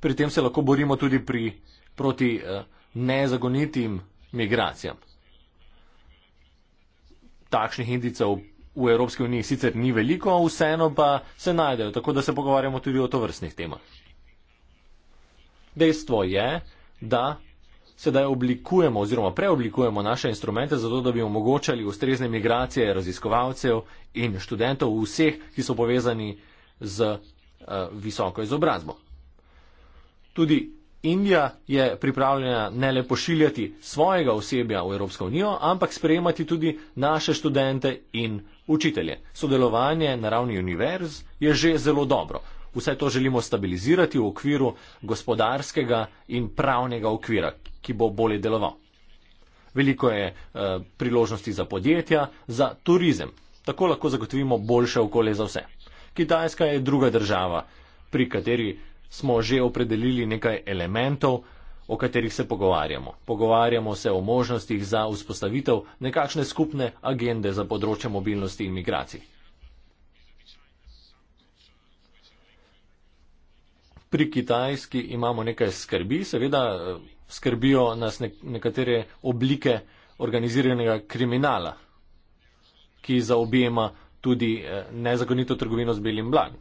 pri tem se lahko borimo tudi pri, proti uh, nezagonitim migracijam. Takšnih indicev v Evropski uniji sicer ni veliko, vseeno pa se najdejo, tako da se pogovarjamo tudi o tovrstnih temah. Dejstvo je, da sedaj oblikujemo oziroma preoblikujemo naše instrumente, zato da bi omogočali ustrezne migracije raziskovalcev in študentov vseh, ki so povezani z uh, visoko izobrazbo. Tudi Indija je pripravljena ne le pošiljati svojega osebja v Evropsko unijo, ampak sprejemati tudi naše študente in učitelje. Sodelovanje na ravni univerz je že zelo dobro. Vse to želimo stabilizirati v okviru gospodarskega in pravnega okvira, ki bo bolje deloval. Veliko je e, priložnosti za podjetja, za turizem. Tako lahko zagotovimo boljše okolje za vse. Kitajska je druga država, pri kateri smo že opredelili nekaj elementov, o katerih se pogovarjamo. Pogovarjamo se o možnostih za vzpostavitev nekakšne skupne agende za področje mobilnosti in migracij. Pri Kitajski imamo nekaj skrbi, seveda eh, skrbijo nas nekatere oblike organiziranega kriminala, ki zaobjema tudi eh, nezakonito trgovino z belim blagom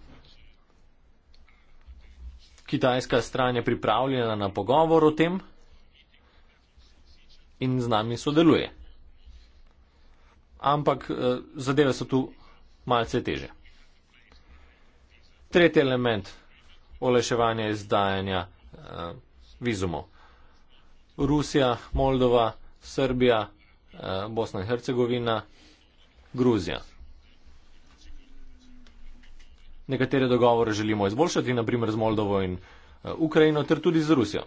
kitajska stran je pripravljena na pogovor o tem in z nami sodeluje. Ampak eh, zadeve so tu malce teže. Tretji element olajševanja izdajanja eh, vizumov. Rusija, Moldova, Srbija, eh, Bosna in Hercegovina, Gruzija nekatere dogovore želimo izboljšati, naprimer z Moldovo in eh, Ukrajino, ter tudi z Rusijo.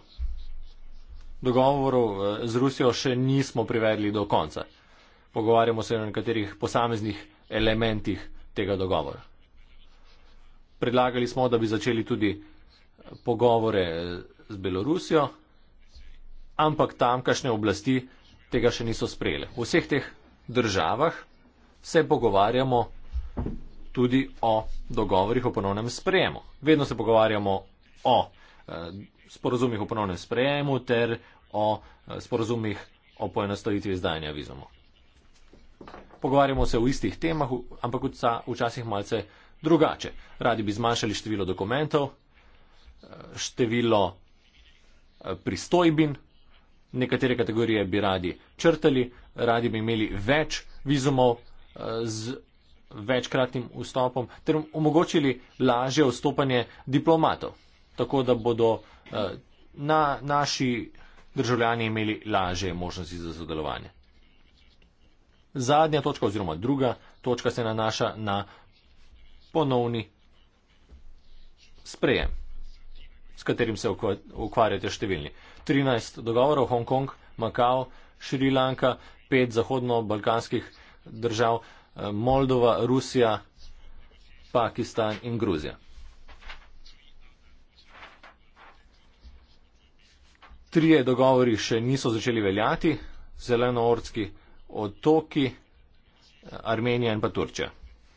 Dogovorov eh, z Rusijo še nismo privedli do konca. Pogovarjamo se o nekaterih posameznih elementih tega dogovora. Predlagali smo, da bi začeli tudi eh, pogovore z Belorusijo, ampak tamkajšnje oblasti tega še niso sprejele. V vseh teh državah se pogovarjamo tudi o dogovorih o ponovnem sprejemu. Vedno se pogovarjamo o eh, sporozumih o ponovnem sprejemu ter o eh, sporozumih o poenostavitvi izdajanja vizumov. Pogovarjamo se o istih temah, ampak včasih malce drugače. Radi bi zmanjšali število dokumentov, eh, število eh, pristojbin, nekatere kategorije bi radi črtali, radi bi imeli več vizumov eh, z večkratnim vstopom ter omogočili lažje vstopanje diplomatov, tako da bodo uh, na, naši državljani imeli lažje možnosti za sodelovanje. Zadnja točka oziroma druga točka se nanaša na ponovni sprejem, s katerim se ukvarjate številni. 13 dogovorov Hongkong, Makao, Šrilanka, 5 zahodno-balkanskih držav. Uh, Moldova, Rusija, Pakistan in Gruzija. Trije dogovori še niso začeli veljati, zelenoordski otoki, Armenija in pa Turčija.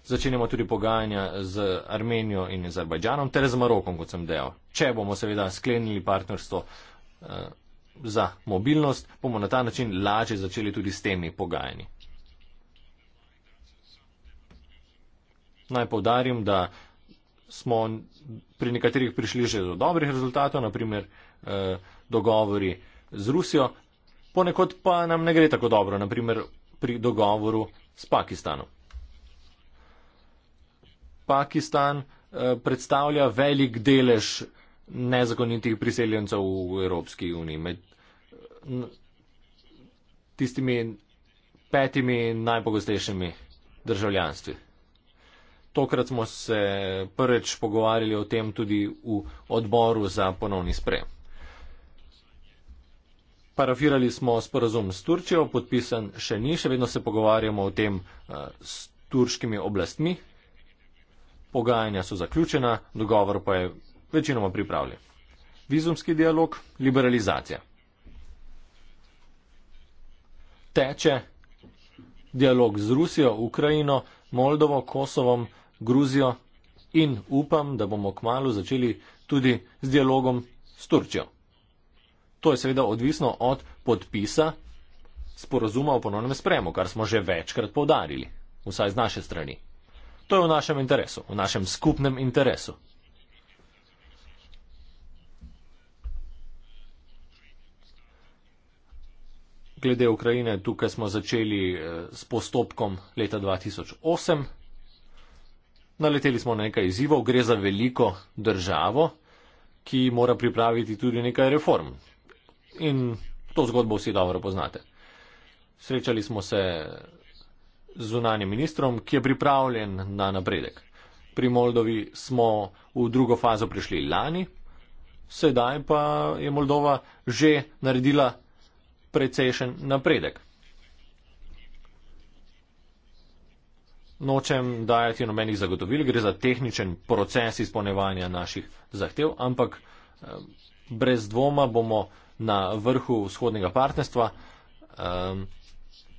Začenjamo tudi pogajanja z Armenijo in Azerbajdžanom ter z Marokom, kot sem dejal. Če bomo seveda sklenili partnerstvo eh, za mobilnost, bomo na ta način lažje začeli tudi s temi pogajanji. naj povdarim, da smo pri nekaterih prišli že do dobrih rezultatov, naprimer eh, dogovori z Rusijo, ponekod pa nam ne gre tako dobro, naprimer pri dogovoru s Pakistanom. Pakistan eh, predstavlja velik delež nezakonitih priseljencev v Evropski uniji. Med tistimi petimi najpogostejšimi državljanstvi. Tokrat smo se prvič pogovarjali o tem tudi v odboru za ponovni sprejem. Parafirali smo sporazum s Turčijo, podpisan še ni, še vedno se pogovarjamo o tem eh, s turškimi oblastmi. Pogajanja so zaključena, dogovor pa je večinoma pripravljen. Vizumski dialog, liberalizacija. Teče dialog z Rusijo, Ukrajino, Moldovo, Kosovom. Gruzijo in upam, da bomo kmalo začeli tudi z dialogom s Turčjo. To je seveda odvisno od podpisa sporozuma o ponovnem sprejemu, kar smo že večkrat povdarili, vsaj z naše strani. To je v našem interesu, v našem skupnem interesu. Glede Ukrajine, tukaj smo začeli eh, s postopkom leta 2008. Naleteli smo na nekaj izzivov, gre za veliko državo, ki mora pripraviti tudi nekaj reform. In to zgodbo vsi dobro poznate. Srečali smo se z zunanjim ministrom, ki je pripravljen na napredek. Pri Moldovi smo v drugo fazo prišli lani, sedaj pa je Moldova že naredila precejšen napredek. nočem dajati nobenih zagotovil, gre za tehničen proces izpolnevanja naših zahtev, ampak eh, brez dvoma bomo na vrhu vzhodnega partnerstva um,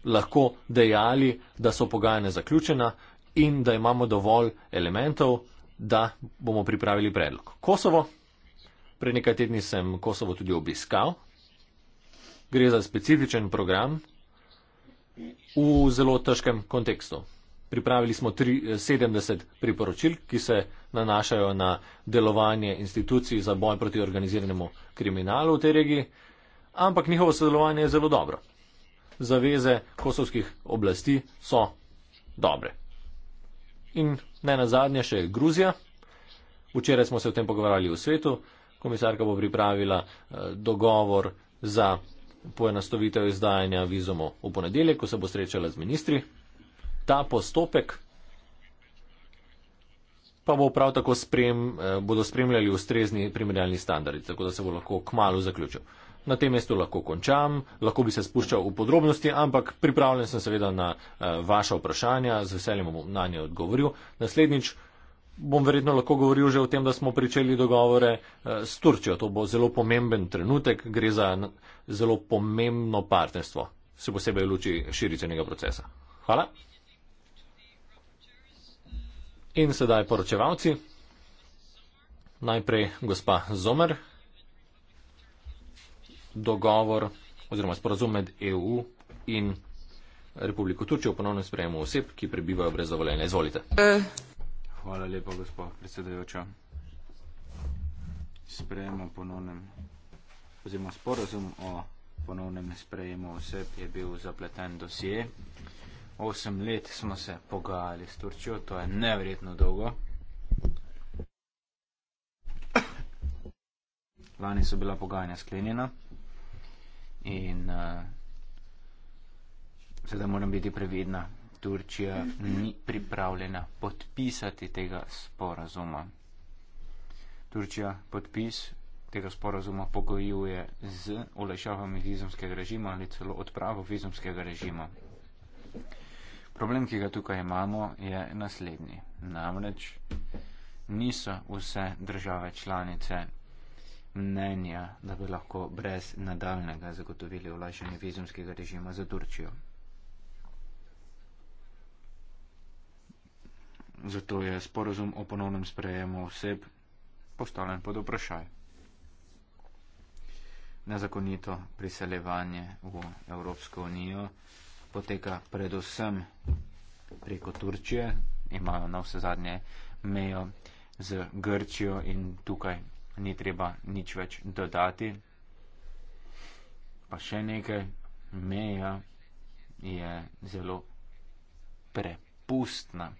lahko dejali, da so pogajanja zaključena in da imamo dovolj elementov, da bomo pripravili predlog. Kosovo, pred nekaj tedni sem Kosovo tudi obiskal, gre za specifičen program v zelo težkem kontekstu. Pripravili smo 73 eh, priporočil, ki se nanašajo na delovanje institucij za boj proti organiziranemu kriminalu v tej regiji, ampak njihovo sodelovanje je zelo dobro. Zaveze kosovskih oblasti so dobre. In ne na zadnje še Gruzija. Včeraj smo se o tem pogovarjali v svetu. Komisarka bo pripravila eh, dogovor za poenostavitev izdajanja vizumov v ponedeljek, ko se bo srečala z ministri ta postopek, pa bo prav tako sprem, eh, bodo spremljali ustrezni primerjalni standardi, tako da se bo lahko k malu zaključil. Na tem mestu lahko končam, lahko bi se spuščal v podrobnosti, ampak pripravljen sem seveda na eh, vaša vprašanja, z veseljem bom na nje odgovoril. Naslednjič bom verjetno lahko govoril že o tem, da smo pričeli dogovore eh, s Turčijo. To bo zelo pomemben trenutek, gre za zelo pomembno partnerstvo, se posebej v luči širitvenega procesa. Hvala. In sedaj poročevalci. Najprej gospa Zomer. Dogovor oziroma sporazum med EU in Republiko Turčijo o ponovnem sprejemu oseb, ki prebivajo brez dovoljenja. Izvolite. Hvala lepa, gospa predsedajoča. Sprejemo ponovnem, oziroma sporazum o ponovnem sprejemu oseb je bil zapleten dosje osem let smo se pogajali s Turčijo, to je nevrjetno dolgo. Lani so bila pogajanja sklenjena in uh, sedaj moram biti previdna. Turčija ni pripravljena podpisati tega sporazuma. Turčija podpis tega sporazuma pogojuje z olajšavami vizumskega režima ali celo odpravo vizumskega režima. Problem, ki ga tukaj imamo, je naslednji. Namreč niso vse države članice mnenja, da bi lahko brez nadaljnega zagotovili olajšanje vizumskega režima za Turčijo. Zato je sporozum o ponovnem sprejemu oseb postavljen pod vprašaj. Nezakonito priseljevanje v Evropsko unijo poteka predvsem preko Turčije, imajo na vse zadnje mejo z Grčijo in tukaj ni treba nič več dodati. Pa še nekaj, meja je zelo prepustna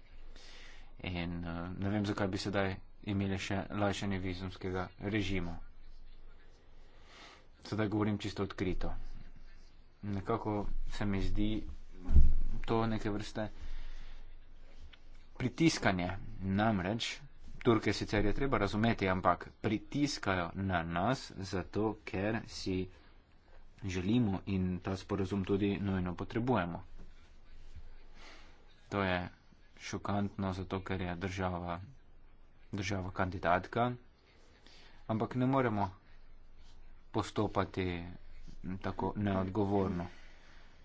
in eh, ne vem, zakaj bi sedaj imeli še lajšanje vizumskega režima. Sedaj govorim čisto odkrito nekako se mi zdi to neke vrste pritiskanje. Namreč, Turke sicer je treba razumeti, ampak pritiskajo na nas, zato ker si želimo in ta sporozum tudi nujno potrebujemo. To je šokantno, zato ker je država, država kandidatka, ampak ne moremo postopati tako neodgovorno.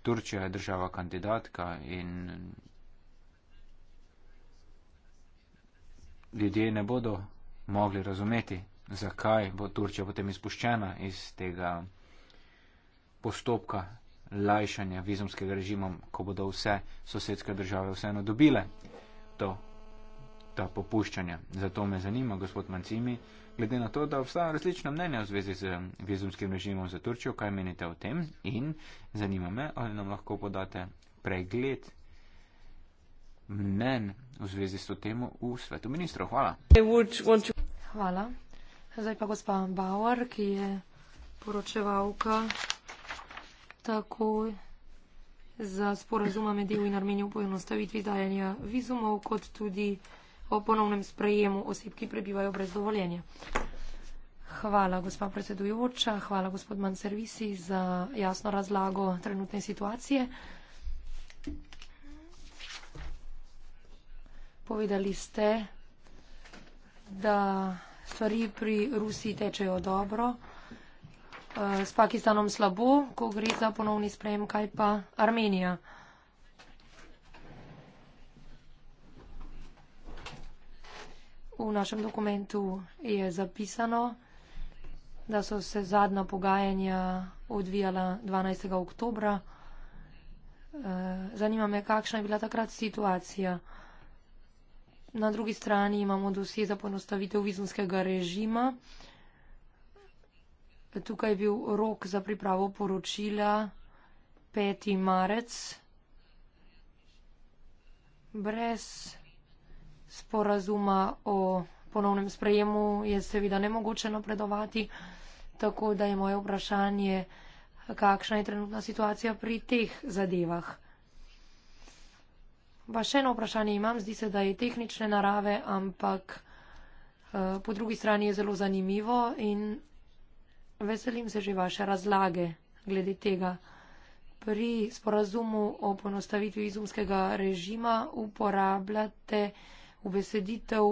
Turčija je država kandidatka in ljudje ne bodo mogli razumeti, zakaj bo Turčija potem izpuščena iz tega postopka lajšanja vizumskega režima, ko bodo vse sosedske države vseeno dobile to ta popuščanja. Zato me zanima, gospod Mancimi, glede na to, da obstajajo različna mnenja v zvezi z vizumskim režimom za Turčijo, kaj menite o tem in zanima me, ali nam lahko podate pregled mnen v zvezi s to temo v svetu ministrov. Hvala. Hvala. Zdaj pa gospa Bauer, ki je poročevalka tako za sporazuma med EU in Armenijo o poenostavitvi dajanja vizumov, kot tudi o ponovnem sprejemu oseb, ki prebivajo brez dovoljenja. Hvala, gospa predsedujoča, hvala, gospod Manservisi, za jasno razlago trenutne situacije. Povedali ste, da stvari pri Rusiji tečejo dobro, eh, s Pakistanom slabo, ko gre za ponovni sprejem, kaj pa Armenija. v našem dokumentu je zapisano, da so se zadnja pogajanja odvijala 12. oktobra. Eh, zanima me, kakšna je bila takrat situacija. Na drugi strani imamo dosje za ponostavitev vizumskega režima. Tukaj je bil rok za pripravo poročila 5. marec. Brez sporazuma o ponovnem sprejemu je seveda nemogoče napredovati, tako da je moje vprašanje, kakšna je trenutna situacija pri teh zadevah. Pa še eno vprašanje imam, zdi se, da je tehnične narave, ampak uh, po drugi strani je zelo zanimivo in veselim se že vaše razlage glede tega. Pri sporazumu o ponostavitvi izumskega režima uporabljate v beseditev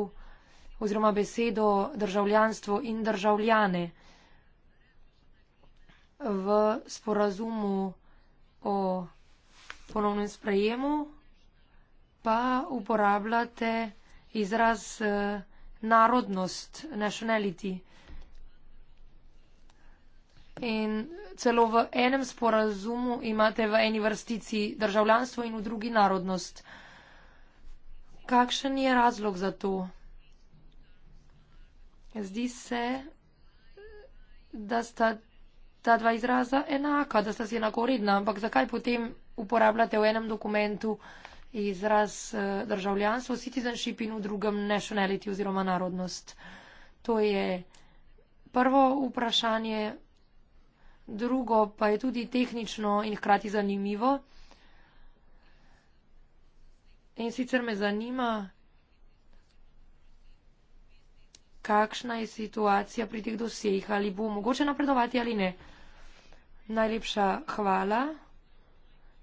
oziroma besedo državljanstvo in državljane v sporazumu o ponovnem sprejemu pa uporabljate izraz eh, narodnost, nationality. In celo v enem sporazumu imate v eni vrstici državljanstvo in v drugi narodnost. Uh, Kakšen je razlog za to? Zdi se, da sta ta dva izraza enaka, da sta si enakoredna, ampak zakaj potem uporabljate v enem dokumentu izraz eh, državljanstvo, citizenship in v drugem nationality oziroma narodnost? To je prvo vprašanje, drugo pa je tudi tehnično in hkrati zanimivo. In sicer me zanima, kakšna je situacija pri teh dosejih, ali bo mogoče napredovati ali ne. Najlepša hvala.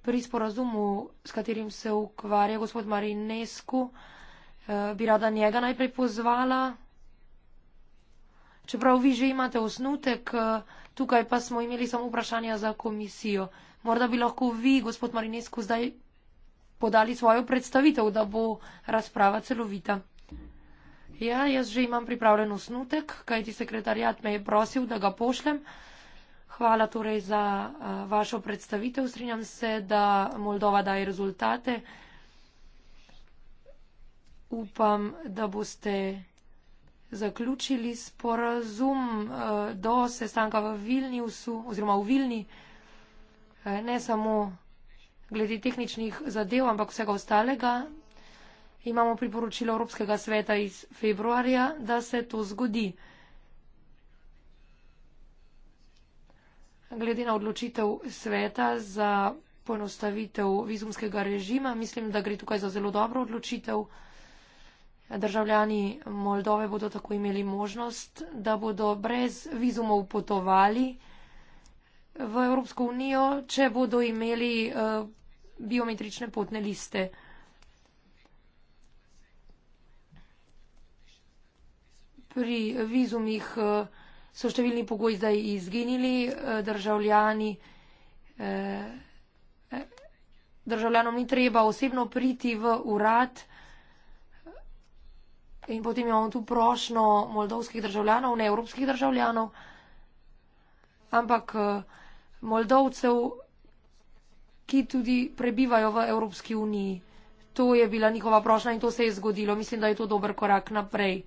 Pri sporazumu, s katerim se ukvarja gospod Marinescu, eh, bi rada njega najprej pozvala. Čeprav vi že imate osnutek, eh, tukaj pa smo imeli samo vprašanja za komisijo. Morda bi lahko vi, gospod Marinescu, zdaj podali svojo predstavitev, da bo razprava celovita. Ja, jaz že imam pripravljen osnutek, kajti sekretarjat me je prosil, da ga pošlem. Hvala torej za a, vašo predstavitev. Strinjam se, da Moldova daje rezultate. Upam, da boste zaključili sporazum a, do sestanka v Vilniusu oziroma v Vilni, a, ne samo glede tehničnih zadev, ampak vsega ostalega. Imamo priporočilo Evropskega sveta iz februarja, da se to zgodi. Glede na odločitev sveta za poenostavitev vizumskega režima, mislim, da gre tukaj za zelo dobro odločitev. Državljani Moldove bodo tako imeli možnost, da bodo brez vizumov potovali v Evropsko unijo, če bodo imeli eh, biometrične potne liste. Pri vizumih eh, so številni pogoji zdaj izginili, eh, državljani, državljanom ni treba osebno priti v urad in potem imamo tu prošno moldovskih državljanov, ne evropskih državljanov, ampak vizumih, Moldovcev, ki tudi prebivajo v Evropski uniji. To je bila njihova prošnja in to se je zgodilo. Mislim, da je to dober korak naprej.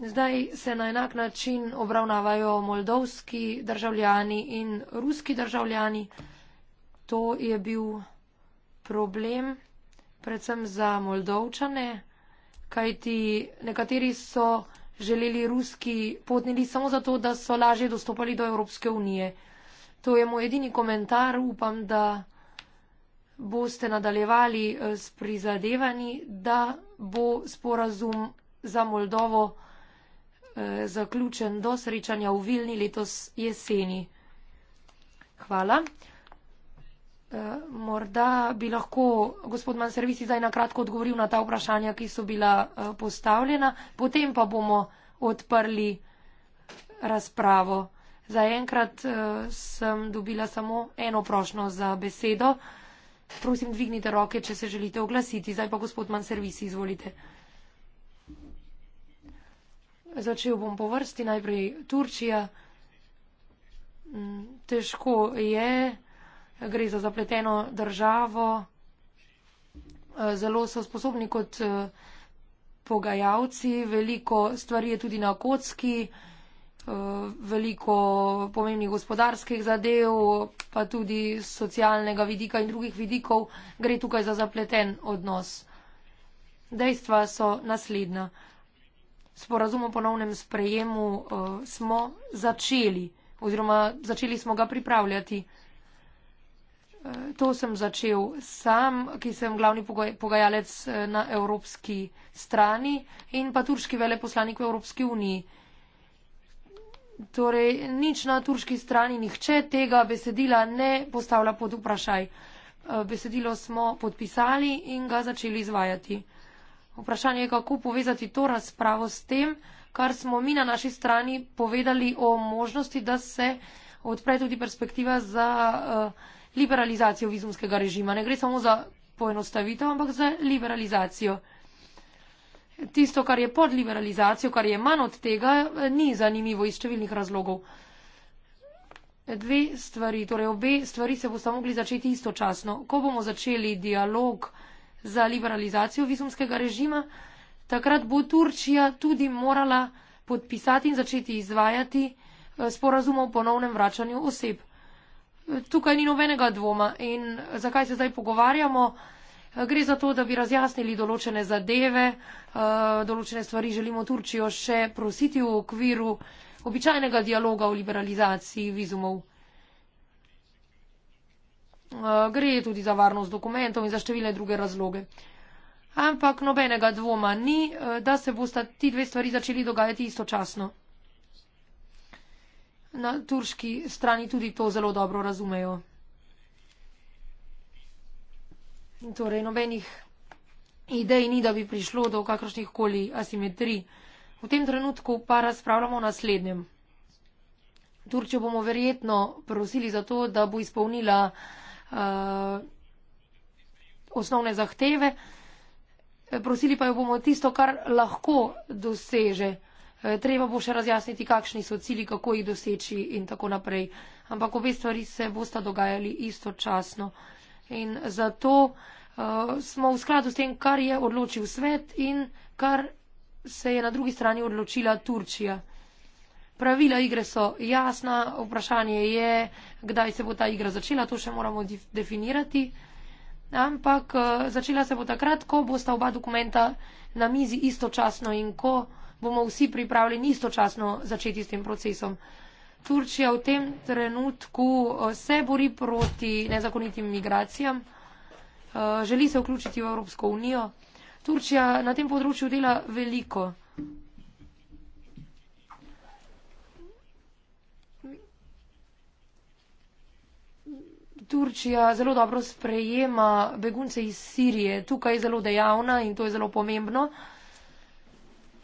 Zdaj se na enak način obravnavajo moldovski državljani in ruski državljani. To je bil problem predvsem za moldovčane, kajti nekateri so želeli ruski potniki samo zato, da so lažje dostopali do Evropske unije. To je moj edini komentar. Upam, da boste nadaljevali eh, s prizadevanji, da bo sporazum za Moldovo eh, zaključen do srečanja v Vilni letos jeseni. Hvala. Eh, morda bi lahko gospod Manservisi zdaj nakratko odgovoril na ta vprašanja, ki so bila eh, postavljena, potem pa bomo odprli razpravo. Zaenkrat eh, sem dobila samo eno prošno za besedo. Prosim, dvignite roke, če se želite oglasiti. Zdaj pa gospod Manservisi, izvolite. Začel bom po vrsti, najprej Turčija. Mm, težko je gre za zapleteno državo. Zelo so sposobni kot eh, pogajalci, veliko stvari je tudi na kocki, eh, veliko pomembnih gospodarskih zadev, pa tudi socialnega vidika in drugih vidikov gre tukaj za zapleten odnos. Dejstva so naslednja. Sporazum o ponovnem sprejemu eh, smo začeli oziroma začeli smo ga pripravljati. To sem začel sam, ki sem glavni pogajalec eh, na evropski strani in pa turški veleposlanik v Evropski uniji. Torej, nič na turški strani, nihče tega besedila ne postavlja pod vprašaj. Eh, besedilo smo podpisali in ga začeli izvajati. Vprašanje je, kako povezati to razpravo s tem, kar smo mi na naši strani povedali o možnosti, da se odpre tudi perspektiva za. Uh, liberalizacijo vizumskega režima. Ne gre samo za poenostavitev, ampak za liberalizacijo. Tisto, kar je pod liberalizacijo, kar je manj od tega, ni zanimivo iz številnih razlogov. Dve stvari, torej obe stvari se boste mogli začeti istočasno. Ko bomo začeli dialog za liberalizacijo vizumskega režima, takrat bo Turčija tudi morala podpisati in začeti izvajati eh, sporazum o ponovnem vračanju oseb tukaj ni nobenega dvoma. In zakaj se zdaj pogovarjamo? Gre za to, da bi razjasnili določene zadeve, eh, določene stvari želimo Turčijo še prositi v okviru običajnega dialoga o liberalizaciji vizumov. Eh, gre tudi za varnost dokumentov in za številne druge razloge. Ampak nobenega dvoma ni, eh, da se bosta ti dve stvari začeli dogajati istočasno na turški strani tudi to zelo dobro razumejo. Torej, nobenih idej ni, da bi prišlo do kakršnih koli asimetrij. V tem trenutku pa razpravljamo o naslednjem. Turčijo bomo verjetno prosili za to, da bo izpolnila uh, osnovne zahteve. Prosili pa jo bomo tisto, kar lahko doseže. Eh, treba bo še razjasniti, kakšni so cili, kako jih doseči in tako naprej. Ampak obe stvari se bosta dogajali istočasno. In zato uh, smo v skladu s tem, kar je odločil svet in kar se je na drugi strani odločila Turčija. Pravila igre so jasna, vprašanje je, kdaj se bo ta igra začela, to še moramo definirati. Ampak eh, začela se bo takrat, ko bosta oba dokumenta na mizi istočasno in ko bomo vsi pripravljeni istočasno začeti s tem procesom. Turčija v tem trenutku eh, se bori proti nezakonitim migracijam, eh, želi se vključiti v Evropsko unijo. Turčija na tem področju dela veliko. Turčija zelo dobro sprejema begunce iz Sirije. Tukaj je zelo dejavna in to je zelo pomembno. Uh,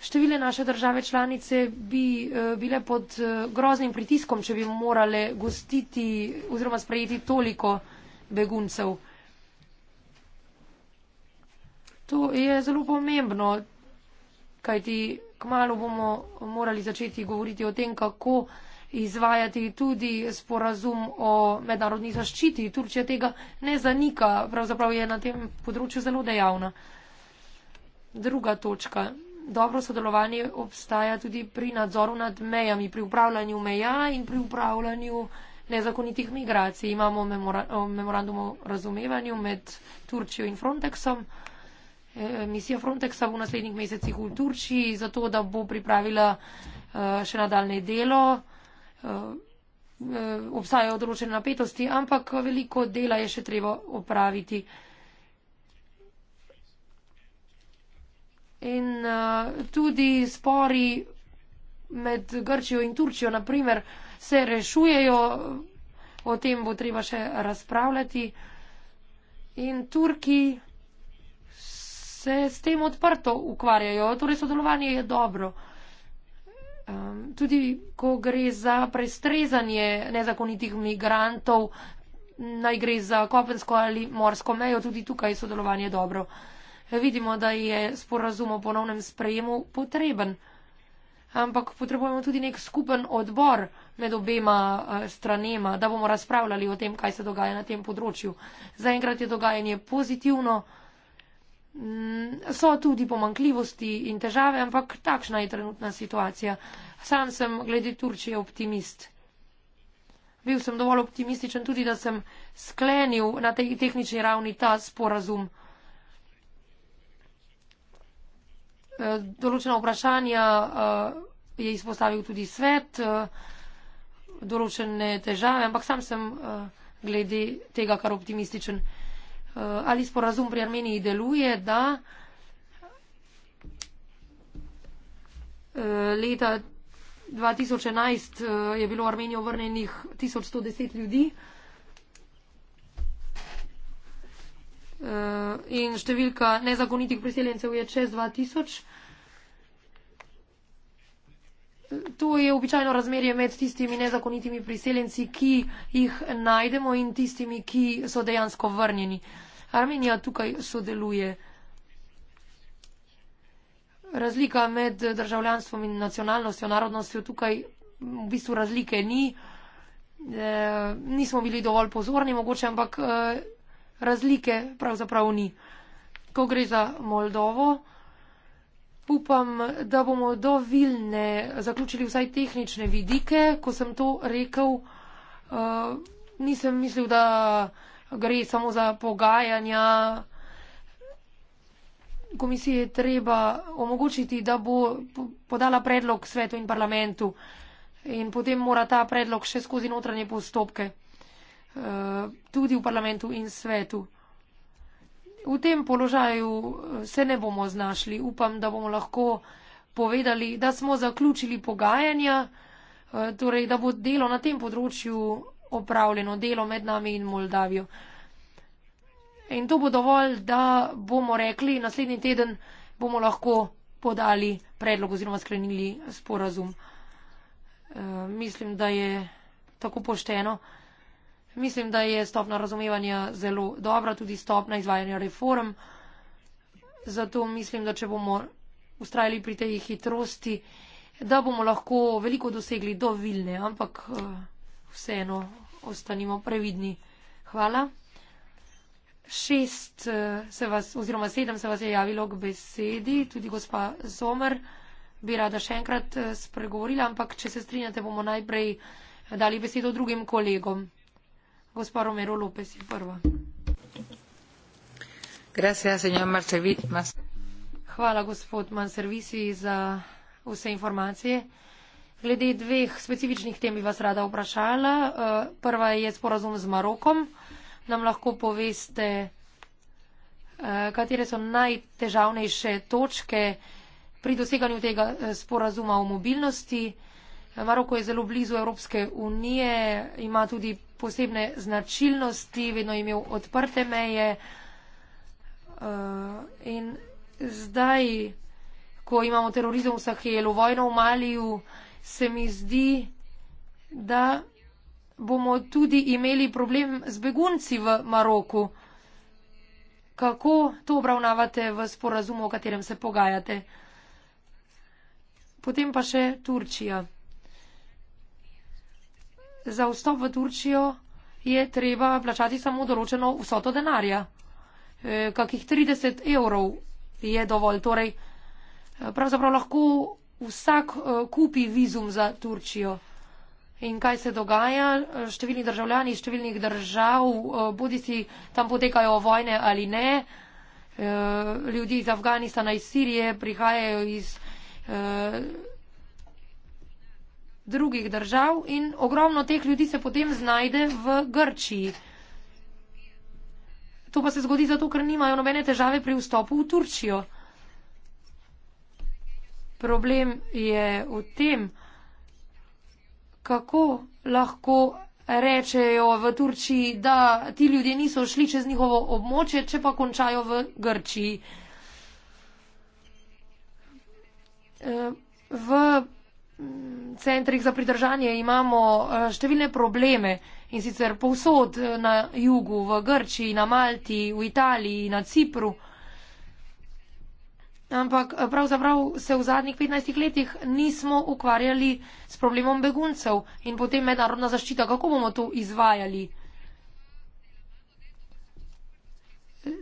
Številne naše države članice bi eh, bile pod eh, groznim pritiskom, če bi morale gostiti oziroma sprejeti toliko beguncev. To je zelo pomembno, kajti kmalo bomo morali začeti govoriti o tem, kako izvajati tudi sporazum o mednarodni zaščiti. Turčija tega ne zanika, pravzaprav je na tem področju zelo dejavna. Druga točka dobro sodelovanje obstaja tudi pri nadzoru nad mejami, pri upravljanju meja in pri upravljanju nezakonitih migracij. Imamo memora memorandum o razumevanju med Turčijo in Frontexom. E, misija Frontexa bo v naslednjih mesecih v Turčiji, zato da bo pripravila e, še nadaljne delo. E, obstajajo določene napetosti, ampak veliko dela je še treba opraviti. In uh, tudi spori med Grčijo in Turčijo, na primer, se rešujejo, o tem bo treba še razpravljati. In Turki se s tem odprto ukvarjajo, torej sodelovanje je dobro. Um, tudi ko gre za prestrezanje nezakonitih migrantov, naj gre za kopensko ali morsko mejo, tudi tukaj sodelovanje je sodelovanje dobro vidimo, da je sporazum o ponovnem sprejemu potreben. Ampak potrebujemo tudi nek skupen odbor med obema eh, stranema, da bomo razpravljali o tem, kaj se dogaja na tem področju. Zaenkrat je dogajanje pozitivno, mm, so tudi pomankljivosti in težave, ampak takšna je trenutna situacija. Sam sem glede Turčije optimist. Bil sem dovolj optimističen tudi, da sem sklenil na tej tehnični ravni ta sporazum. Eh, določena vprašanja eh, je izpostavil tudi svet, eh, določene težave, ampak sam sem glede tega kar optimističen. Ali sporazum pri Armeniji deluje, da leta 2011 je bilo v Armenijo vrnenih 1110 ljudi. Eh, in številka nezakonitih priseljencev je čez 2000. To je običajno razmerje med tistimi nezakonitimi priseljenci, ki jih najdemo in tistimi, ki so dejansko vrnjeni. Armenija tukaj sodeluje. Razlika med državljanstvom in nacionalnostjo, narodnostjo tukaj v bistvu razlike ni. E, nismo bili dovolj pozorni, mogoče, ampak. E, razlike pravzaprav ni. Ko gre za Moldovo, upam, da bomo do Vilne zaključili vsaj tehnične vidike. Ko sem to rekel, uh, nisem mislil, da gre samo za pogajanja. Komisiji je treba omogočiti, da bo podala predlog svetu in parlamentu in potem mora ta predlog še skozi notranje postopke. Eh, tudi v parlamentu in svetu. V tem položaju eh, se ne bomo znašli. Upam, da bomo lahko povedali, da smo zaključili pogajanja, eh, torej da bo delo na tem področju opravljeno, delo med nami in Moldavijo. In to bo dovolj, da bomo rekli, naslednji teden bomo lahko podali predlog oziroma sklenili sporazum. E, mislim, da je tako pošteno. Mislim, da je stopna razumevanja zelo dobra, tudi stopna izvajanja reform. Zato mislim, da če bomo ustrajali pri tej hitrosti, da bomo lahko veliko dosegli do Vilne, ampak eh, vseeno ostanimo previdni. Hvala. Šest eh, se vas, oziroma sedem se vas je javilo k besedi, tudi gospa Somer bi rada še enkrat eh, spregovorila, ampak če se strinjate, bomo najprej dali besedo drugim kolegom hvala gospod manservisi za vse informacije. glede dveh specifičnih tem bi vas rada vprašala. Eh, prva je sporazum z marokom. nam lahko poveste eh, katere so najtežavnejše točke pri doseganju tega eh, sporazuma o mobilnosti. maroko je zelo blizu evropske unije ima tudi posebne značilnosti, vedno imel odprte meje. Uh, in zdaj, ko imamo terorizem v Sahelu, vojno v Maliju, se mi zdi, da bomo tudi imeli problem z begunci v Maroku. Kako to obravnavate v sporazumu, o katerem se pogajate? Potem pa še Turčija za vstop v Turčijo je treba plačati samo določeno vsoto denarja. E, kakih 30 evrov je dovolj. Torej, e, pravzaprav lahko vsak e, kupi vizum za Turčijo. In kaj se dogaja? Številni državljani iz številnih držav, bodi si tam potekajo vojne ali ne, ljudi iz Afganistana, iz Sirije prihajajo iz drugih držav in ogromno teh ljudi se potem znajde v Grčiji. To pa se zgodi zato, ker nimajo nobene težave pri vstopu v Turčijo. Problem je v tem, kako lahko rečejo v Turčiji, da ti ljudje niso šli čez njihovo območje, če pa končajo v Grčiji. Eh, v centrih za pridržanje imamo eh, številne probleme in sicer povsod eh, na jugu, v Grčiji, na Malti, v Italiji, na Cipru. Ampak eh, pravzaprav se v zadnjih 15 letih nismo ukvarjali s problemom beguncev in potem mednarodna zaščita. Kako bomo to izvajali?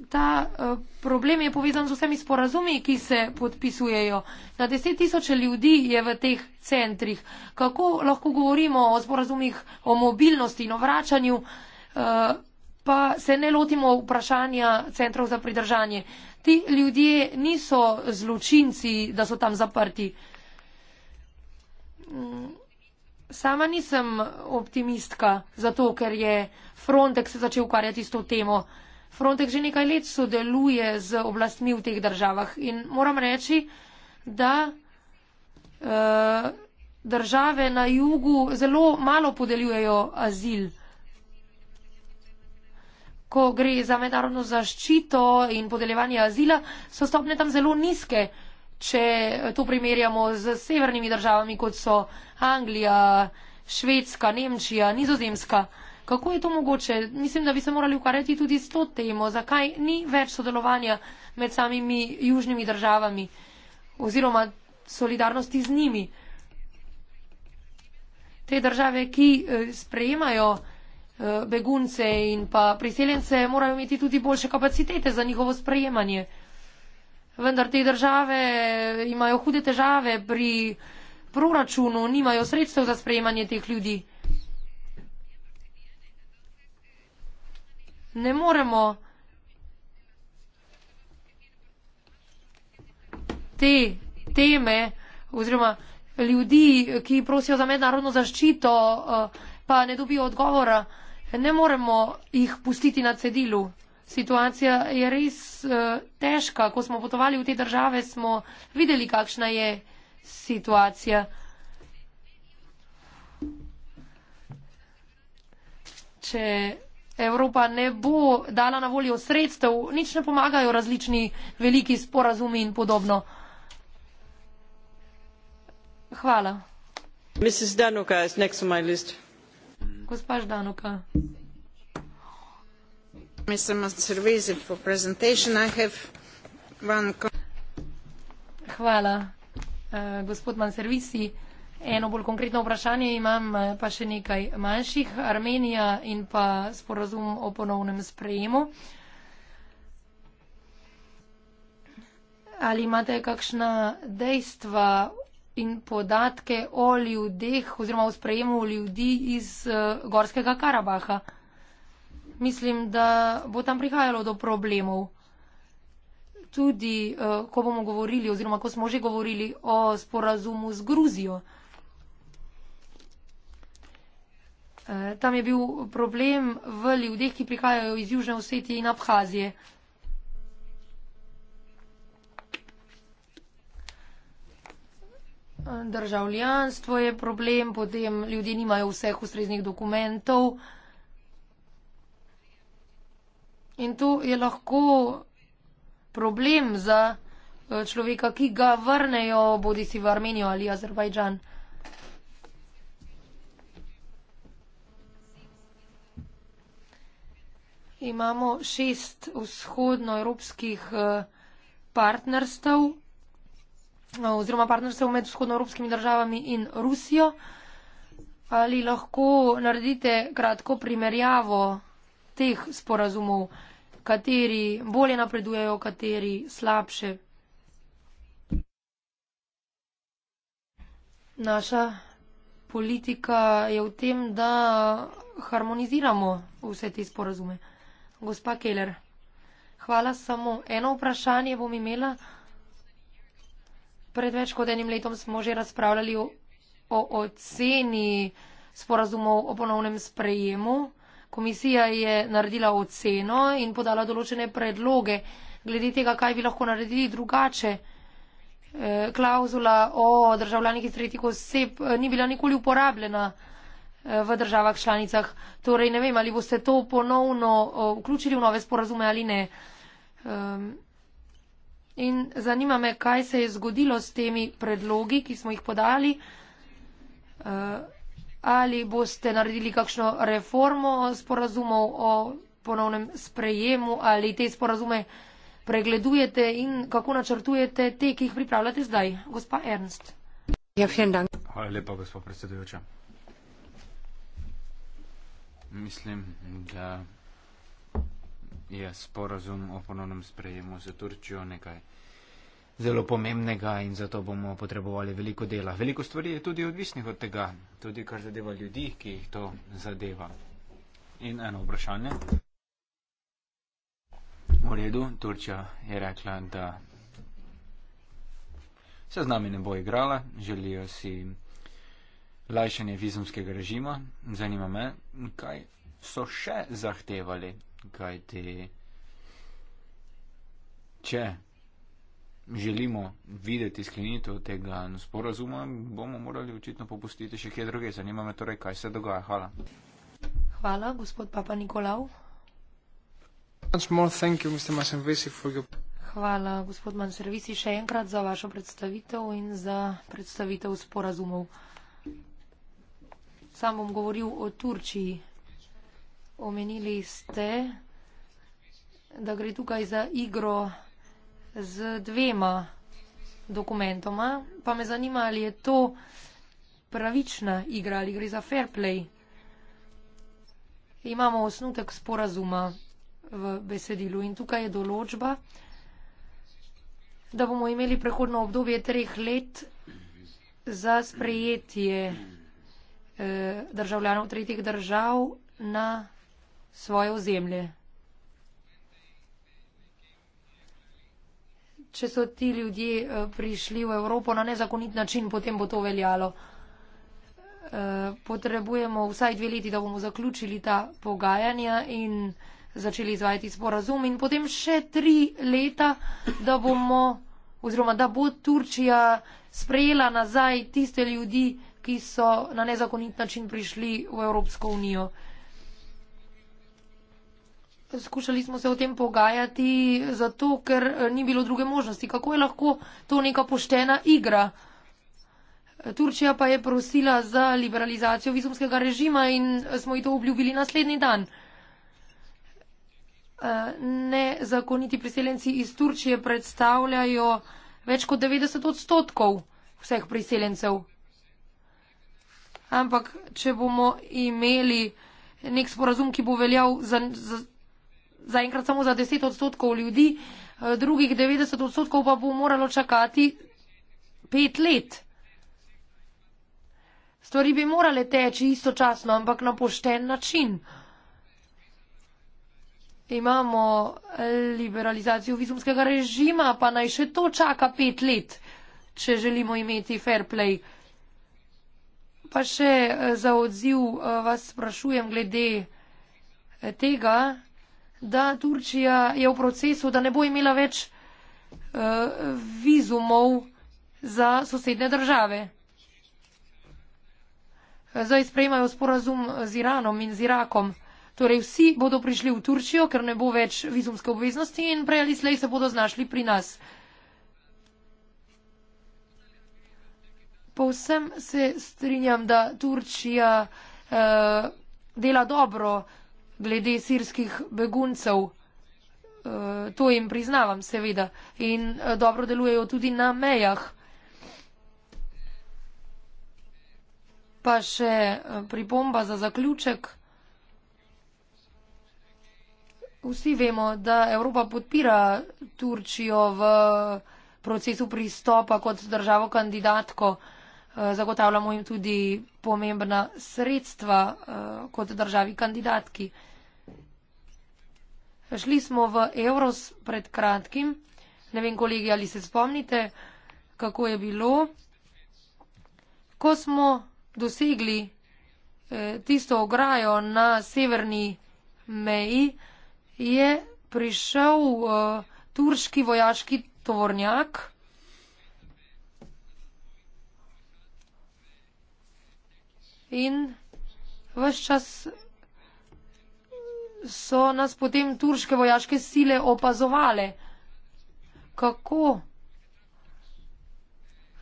ta eh, problem je povezan z vsemi sporazumi, ki se podpisujejo. Na deset tisoče ljudi je v teh centrih. Kako lahko govorimo o sporazumih o mobilnosti in o vračanju, eh, pa se ne lotimo vprašanja centrov za pridržanje. Ti ljudje niso zločinci, da so tam zaprti. Mm, sama nisem optimistka, zato ker je Frontex začel ukvarjati s to temo. Frontex že nekaj let sodeluje z oblastmi v teh državah in moram reči, da e, države na jugu zelo malo podeljujejo azil. Ko gre za mednarodno zaščito in podeljevanje azila, so stopne tam zelo nizke, če to primerjamo z severnimi državami, kot so Anglija, Švedska, Nemčija, Nizozemska. Kako je to mogoče? Mislim, da bi se morali ukvarjati tudi s to temo. Zakaj ni več sodelovanja med samimi južnimi državami oziroma solidarnosti z njimi? Te države, ki eh, sprejemajo eh, begunce in pa priseljence, morajo imeti tudi boljše kapacitete za njihovo sprejemanje. Vendar te države eh, imajo hude težave pri proračunu, nimajo sredstev za sprejemanje teh ljudi. Ne moremo. Te teme oziroma ljudi, ki prosijo za mednarodno zaščito, eh, pa ne dobijo odgovora, ne moremo jih pustiti na cedilu. Situacija je res eh, težka. Ko smo potovali v te države, smo videli, kakšna je situacija. Če Evropa ne bo dala na voljo sredstev, nič ne pomagajo različni veliki sporazumi in podobno. Hvala. Gospa Ždanuka. Hvala, uh, gospod Manservisi. Eno bolj konkretno vprašanje imam, eh, pa še nekaj manjših. Armenija in pa sporazum o ponovnem sprejemu. Ali imate kakšna dejstva in podatke o ljudeh oziroma o sprejemu ljudi iz uh, Gorskega Karabaha? Mislim, da bo tam prihajalo do problemov. Tudi, uh, ko bomo govorili oziroma ko smo že govorili o sporazumu z Gruzijo. Eh, tam je bil problem v ljudeh, ki prihajajo iz Južne Osetije in Abhazije. Državljanstvo je problem, potem ljudje nimajo vseh ustreznih dokumentov. In to je lahko problem za eh, človeka, ki ga vrnejo bodi si v Armenijo ali Azerbajdžan. imamo šest vzhodnoevropskih eh, partnerstv eh, oziroma partnerstv med vzhodnoevropskimi državami in Rusijo. Ali lahko naredite kratko primerjavo teh sporazumov, kateri bolje napredujejo, kateri slabše? Naša politika je v tem, da harmoniziramo vse te sporazume. Gospa Keller, hvala samo. Eno vprašanje bom imela. Pred več kot enim letom smo že razpravljali o, o oceni sporazumov o ponovnem sprejemu. Komisija je naredila oceno in podala določene predloge glede tega, kaj bi lahko naredili drugače. Eh, Klauzula o državljanih iz tretjih oseb eh, ni bila nikoli uporabljena v državah članicah. Torej, ne vem, ali boste to ponovno vključili v nove sporazume ali ne. In zanima me, kaj se je zgodilo s temi predlogi, ki smo jih podali. Ali boste naredili kakšno reformo sporazumov o ponovnem sprejemu ali te sporazume pregledujete in kako načrtujete te, ki jih pripravljate zdaj. Gospa Ernst. Ja, Hvala lepa, gospod predsedujoča mislim, da je sporazum o ponovnem sprejemu za Turčijo nekaj zelo pomembnega in zato bomo potrebovali veliko dela. Veliko stvari je tudi odvisnih od tega, tudi kar zadeva ljudi, ki jih to zadeva. In eno vprašanje. V redu, Turčija je rekla, da se z nami ne bo igrala, želijo si lajšanje vizumskega režima. Zanima me, kaj so še zahtevali, kaj ti, če želimo videti sklenitev tega sporazuma, bomo morali očitno popustiti še kje druge. Zanima me torej, kaj se dogaja. Hvala. Hvala, gospod Papa Nikolav. Hvala, gospod Manservisi, še enkrat za vašo predstavitev in za predstavitev sporazumov. Sam bom govoril o Turčiji. Omenili ste, da gre tukaj za igro z dvema dokumentoma, pa me zanima, ali je to pravična igra, ali gre za fair play. Imamo osnutek sporazuma v besedilu in tukaj je določba, da bomo imeli prehodno obdobje treh let za sprejetje Eh, državljanov tretjih držav na svoje ozemlje. Če so ti ljudje eh, prišli v Evropo na nezakonit način, potem bo to veljalo. Eh, potrebujemo vsaj dve leti, da bomo zaključili ta pogajanja in začeli izvajati sporazum in potem še tri leta, da bomo oziroma da bo Turčija sprejela nazaj tiste ljudi, ki so na nezakonit način prišli v Evropsko unijo. Skušali smo se o tem pogajati, zato ker eh, ni bilo druge možnosti. Kako je lahko to neka poštena igra? Turčija pa je prosila za liberalizacijo vizumskega režima in eh, smo ji to obljubili naslednji dan. Eh, nezakoniti priseljenci iz Turčije predstavljajo več kot 90 odstotkov vseh priseljencev ampak če bomo imeli nek sporazum, ki bo veljal za, za, za enkrat samo za 10 odstotkov ljudi, eh, drugih 90 odstotkov pa bo moralo čakati pet let. Stvari bi morale teči istočasno, ampak na pošten način. Imamo eh, liberalizacijo vizumskega režima, pa naj še to čaka pet let, če želimo imeti fair play. Pa še eh, za odziv eh, vas sprašujem glede eh, tega, da Turčija je v procesu, da ne bo imela več vizumov za sosedne države. Zdaj sprejmajo sporazum z Iranom in z Irakom. Torej vsi bodo prišli v Turčijo, ker ne bo več vizumske obveznosti in prej ali slej se bodo znašli pri nas. povsem se strinjam, da Turčija eh, dela dobro glede sirskih beguncev. Eh, to jim priznavam, seveda. In eh, dobro delujejo tudi na mejah. Pa še eh, pripomba za zaključek. Vsi vemo, da Evropa podpira Turčijo v procesu pristopa kot državo kandidatko. Eh, zagotavljamo jim tudi pomembna sredstva eh, kot državi kandidatki. Šli smo v Euros pred kratkim, ne vem kolegi, ali se spomnite, kako je bilo, ko smo dosegli eh, tisto ograjo na severni meji, je prišel uh, turški vojaški tovornjak, uh, in vse čas so nas potem turške vojaške sile opazovale, kako,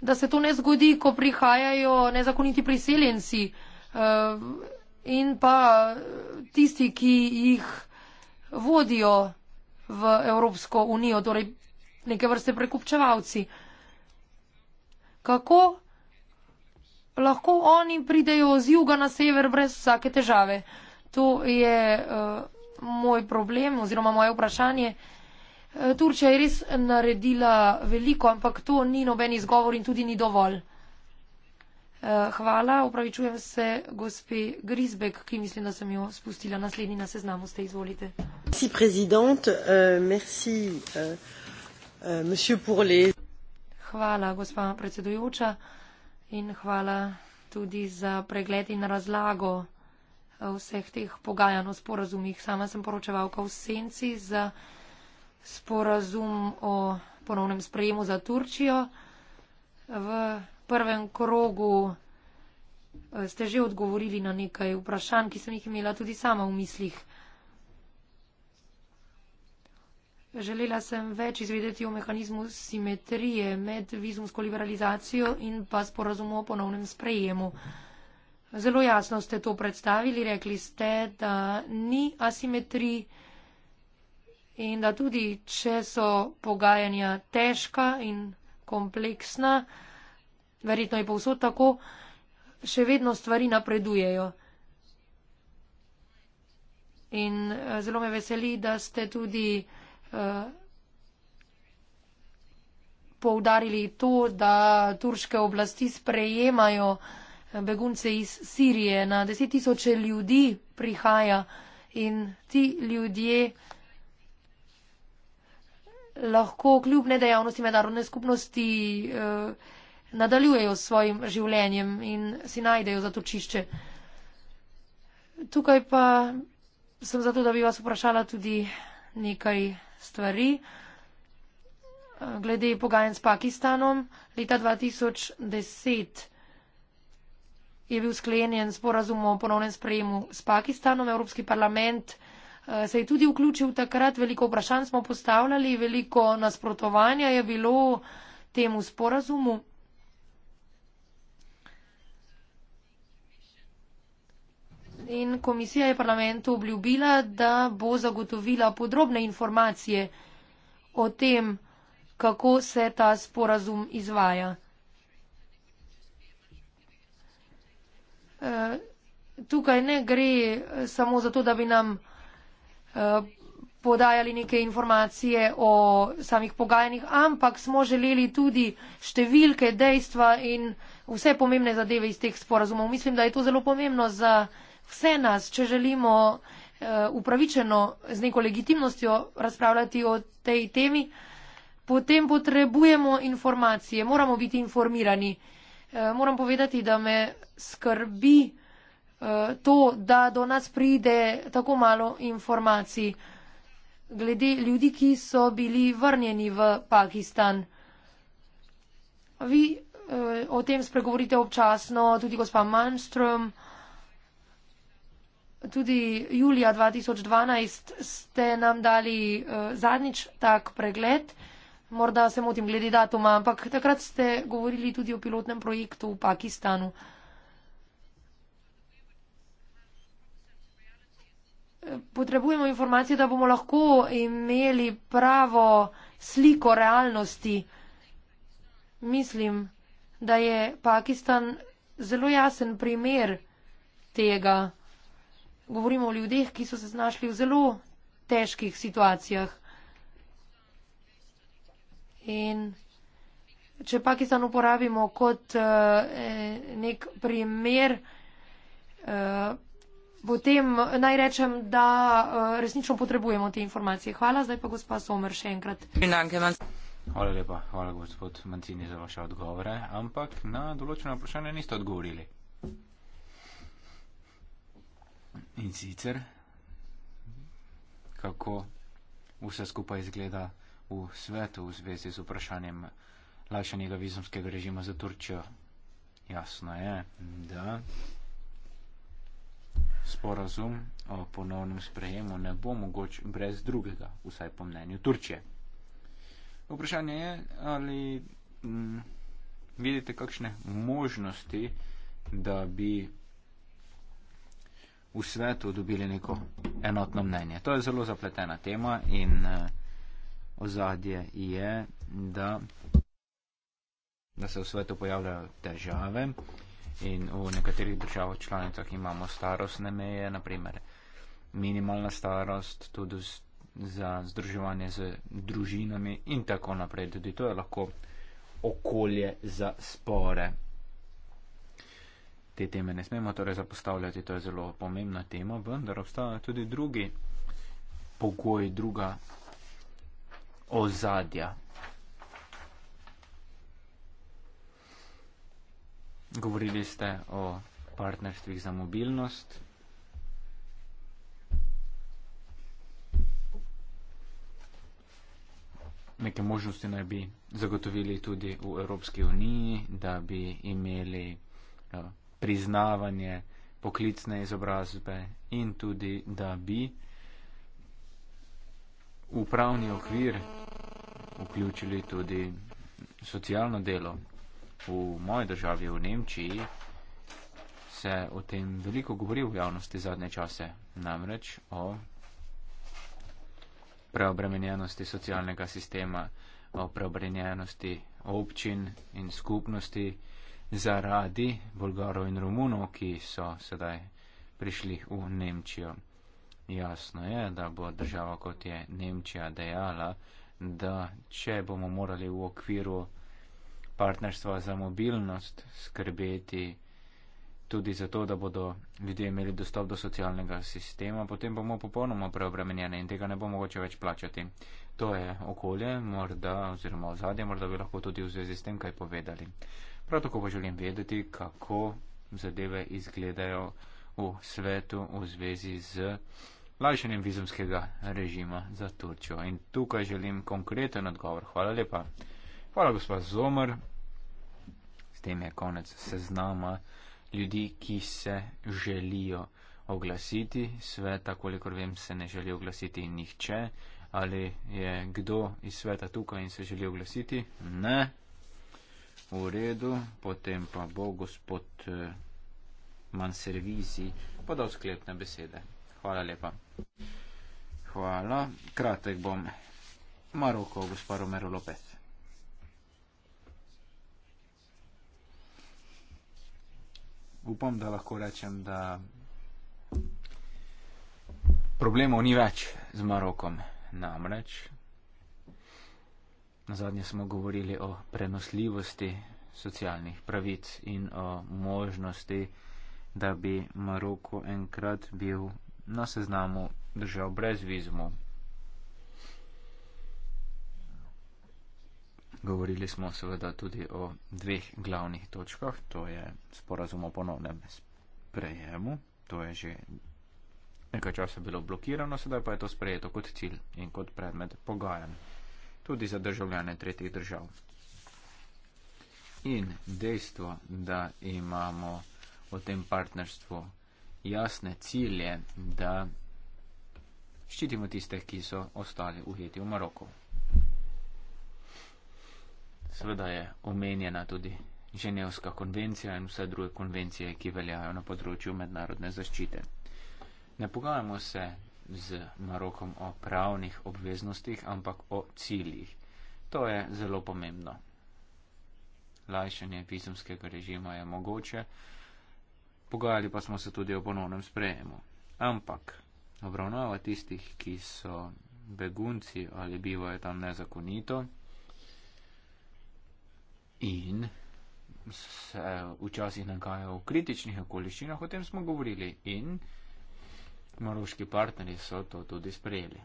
da se to ne zgodi, ko prihajajo nezakoniti priseljenci eh, in pa eh, tisti, ki jih vodijo v Evropsko unijo, torej neke vrste prekupčevalci. Kako lahko oni pridejo z juga na sever brez vsake težave. To je uh, moj problem oziroma moje vprašanje. Eh, Turčija je res naredila veliko, ampak to ni noben izgovor in tudi ni dovolj. Eh, hvala, upravičujem se gospe Grisbek, ki mislim, da sem jo spustila naslednji na seznamu. Ste izvolite. Merci, prezident. Euh, merci, euh, euh, monsieur Pourlet. Hvala, gospa predsedujoča in hvala tudi za pregled in razlago eh, vseh teh pogajanj o sporazumih. Sama sem poročevalka v senci za sporazum o ponovnem sprejemu za Turčijo. V prvem krogu eh, ste že odgovorili na nekaj vprašanj, ki sem jih imela tudi sama v mislih. Želela sem več izvedeti o mehanizmu simetrije med vizumsko liberalizacijo in pa sporazumom o ponovnem sprejemu. Zelo jasno ste to predstavili, rekli ste, da ni asimetrij in da tudi, če so pogajanja težka in kompleksna, verjetno je povsod tako, še vedno stvari napredujejo. In eh, zelo me veseli, da ste tudi. Eh, poudarili to, da turške oblasti sprejemajo begunce iz Sirije. Na deset tisoče ljudi prihaja in ti ljudje lahko kljub nedejavnosti mednarodne skupnosti eh, nadaljujejo s svojim življenjem in si najdejo zatočišče. Tukaj pa sem zato, da bi vas vprašala tudi nekaj stvari. Eh, glede pogajanj s Pakistanom, leta 2010 je bil sklenjen sporazum o ponovnem sprejemu s Pakistanom. Evropski parlament eh, se je tudi vključil takrat, veliko vprašanj smo postavljali, veliko nasprotovanja je bilo temu sporazumu. In komisija je parlamentu obljubila, da bo zagotovila podrobne informacije o tem, kako se ta sporazum izvaja. Eh, tukaj ne gre samo za to, da bi nam eh, podajali neke informacije o samih pogajanjih, ampak smo želeli tudi številke, dejstva in vse pomembne zadeve iz teh sporazumov. Mislim, da je to zelo pomembno za vse nas, če želimo eh, upravičeno z neko legitimnostjo razpravljati o tej temi, potem potrebujemo informacije, moramo biti informirani. Eh, moram povedati, da me skrbi eh, to, da do nas pride tako malo informacij glede ljudi, ki so bili vrnjeni v Pakistan. Vi o tem spregovorite občasno, tudi gospa Manström tudi julija 2012 ste nam dali uh, zadnjič tak pregled, morda se motim glede datuma, ampak takrat ste govorili tudi o pilotnem projektu v Pakistanu. Potrebujemo informacije, da bomo lahko imeli pravo sliko realnosti. Mislim, da je Pakistan zelo jasen primer tega. Govorimo o ljudeh, ki so se znašli v zelo težkih situacijah. In če Pakistan uporabimo kot eh, eh, nek primer, eh, potem naj rečem, da eh, resnično potrebujemo te informacije. Hvala, zdaj pa gospa Somer še enkrat. Hvala lepa, hvala gospod Mancini za vaše odgovore, ampak na določeno vprašanje niste odgovorili. In sicer, kako vse skupaj izgleda v svetu v zvezi z vprašanjem lajšanjega vizumskega režima za Turčijo? Jasno je, da sporazum o ponovnem sprejemu ne bo mogoč brez drugega, vsaj po mnenju Turčije. Vprašanje je, ali m, mm, vidite kakšne možnosti, da bi v svetu dobili neko enotno mnenje. To je zelo zapletena tema in eh, ozadje je, da, da se v svetu pojavljajo težave in v nekaterih državah članicah imamo starostne meje, naprimer minimalna starost, tudi za združevanje z družinami in tako naprej. Tudi to je lahko okolje za spore te teme ne smemo torej zapostavljati, to je zelo pomembna tema, vendar obstajajo tudi drugi pogoji, druga ozadja. Govorili ste o partnerstvih za mobilnost. Neke možnosti naj bi zagotovili tudi v Evropski uniji, da bi imeli. Uh, priznavanje poklicne izobrazbe in tudi, da bi v pravni okvir vključili tudi socialno delo. V moji državi, v Nemčiji, se o tem veliko govori v javnosti zadnje čase, namreč o preobremenjenosti socialnega sistema, o preobremenjenosti občin in skupnosti zaradi Bolgarov in Romunov, ki so sedaj prišli v Nemčijo. Jasno je, da bo država kot je Nemčija dejala, da če bomo morali v okviru partnerstva za mobilnost skrbeti tudi za to, da bodo ljudje imeli dostop do socialnega sistema, potem bomo popolnoma preobremenjeni in tega ne bo mogoče več plačati. To je okolje, morda oziroma ozadje, morda bi lahko tudi v zvezi s tem kaj povedali. Prav tako pa želim vedeti, kako zadeve izgledajo v svetu v zvezi z lajšanjem vizumskega režima za Turčjo. In tukaj želim konkreten odgovor. Hvala lepa. Hvala, gospod Zomer. S tem je konec seznama ljudi, ki se želijo oglasiti. Sveta, kolikor vem, se ne želi oglasiti nihče. Ali je kdo iz sveta tukaj in se želi oglasiti? Ne v redu, potem pa bo gospod eh, Manservizi podal sklepne besede. Hvala lepa. Hvala. Kratek bom. Maroko, gospod Romero Lopez. Upam, da lahko rečem, da problemov ni več z Marokom. Namreč Na zadnje smo govorili o prenosljivosti socialnih pravic in o možnosti, da bi Maroko enkrat bil na seznamu držav brez vizumov. Govorili smo seveda tudi o dveh glavnih točkah, to je sporazum o ponovnem sprejemu, to je že nekaj časa bilo blokirano, sedaj pa je to sprejeto kot cilj in kot predmet pogajanj tudi za državljane tretjih držav. In dejstvo, da imamo v tem partnerstvu jasne cilje, da ščitimo tiste, ki so ostali ujeti v Maroku. Seveda je omenjena tudi Ženevska konvencija in vse druge konvencije, ki veljajo na področju mednarodne zaščite. Ne pogajamo se z narokom o pravnih obveznostih, ampak o ciljih. To je zelo pomembno. Lajšanje pisemskega režima je mogoče, pogajali pa smo se tudi o ponovnem sprejemu. Ampak obravnava tistih, ki so begunci ali bivajo tam nezakonito in se včasih nagajajo v kritičnih okoliščinah, o tem smo govorili in maroški partnerji so to tudi sprejeli.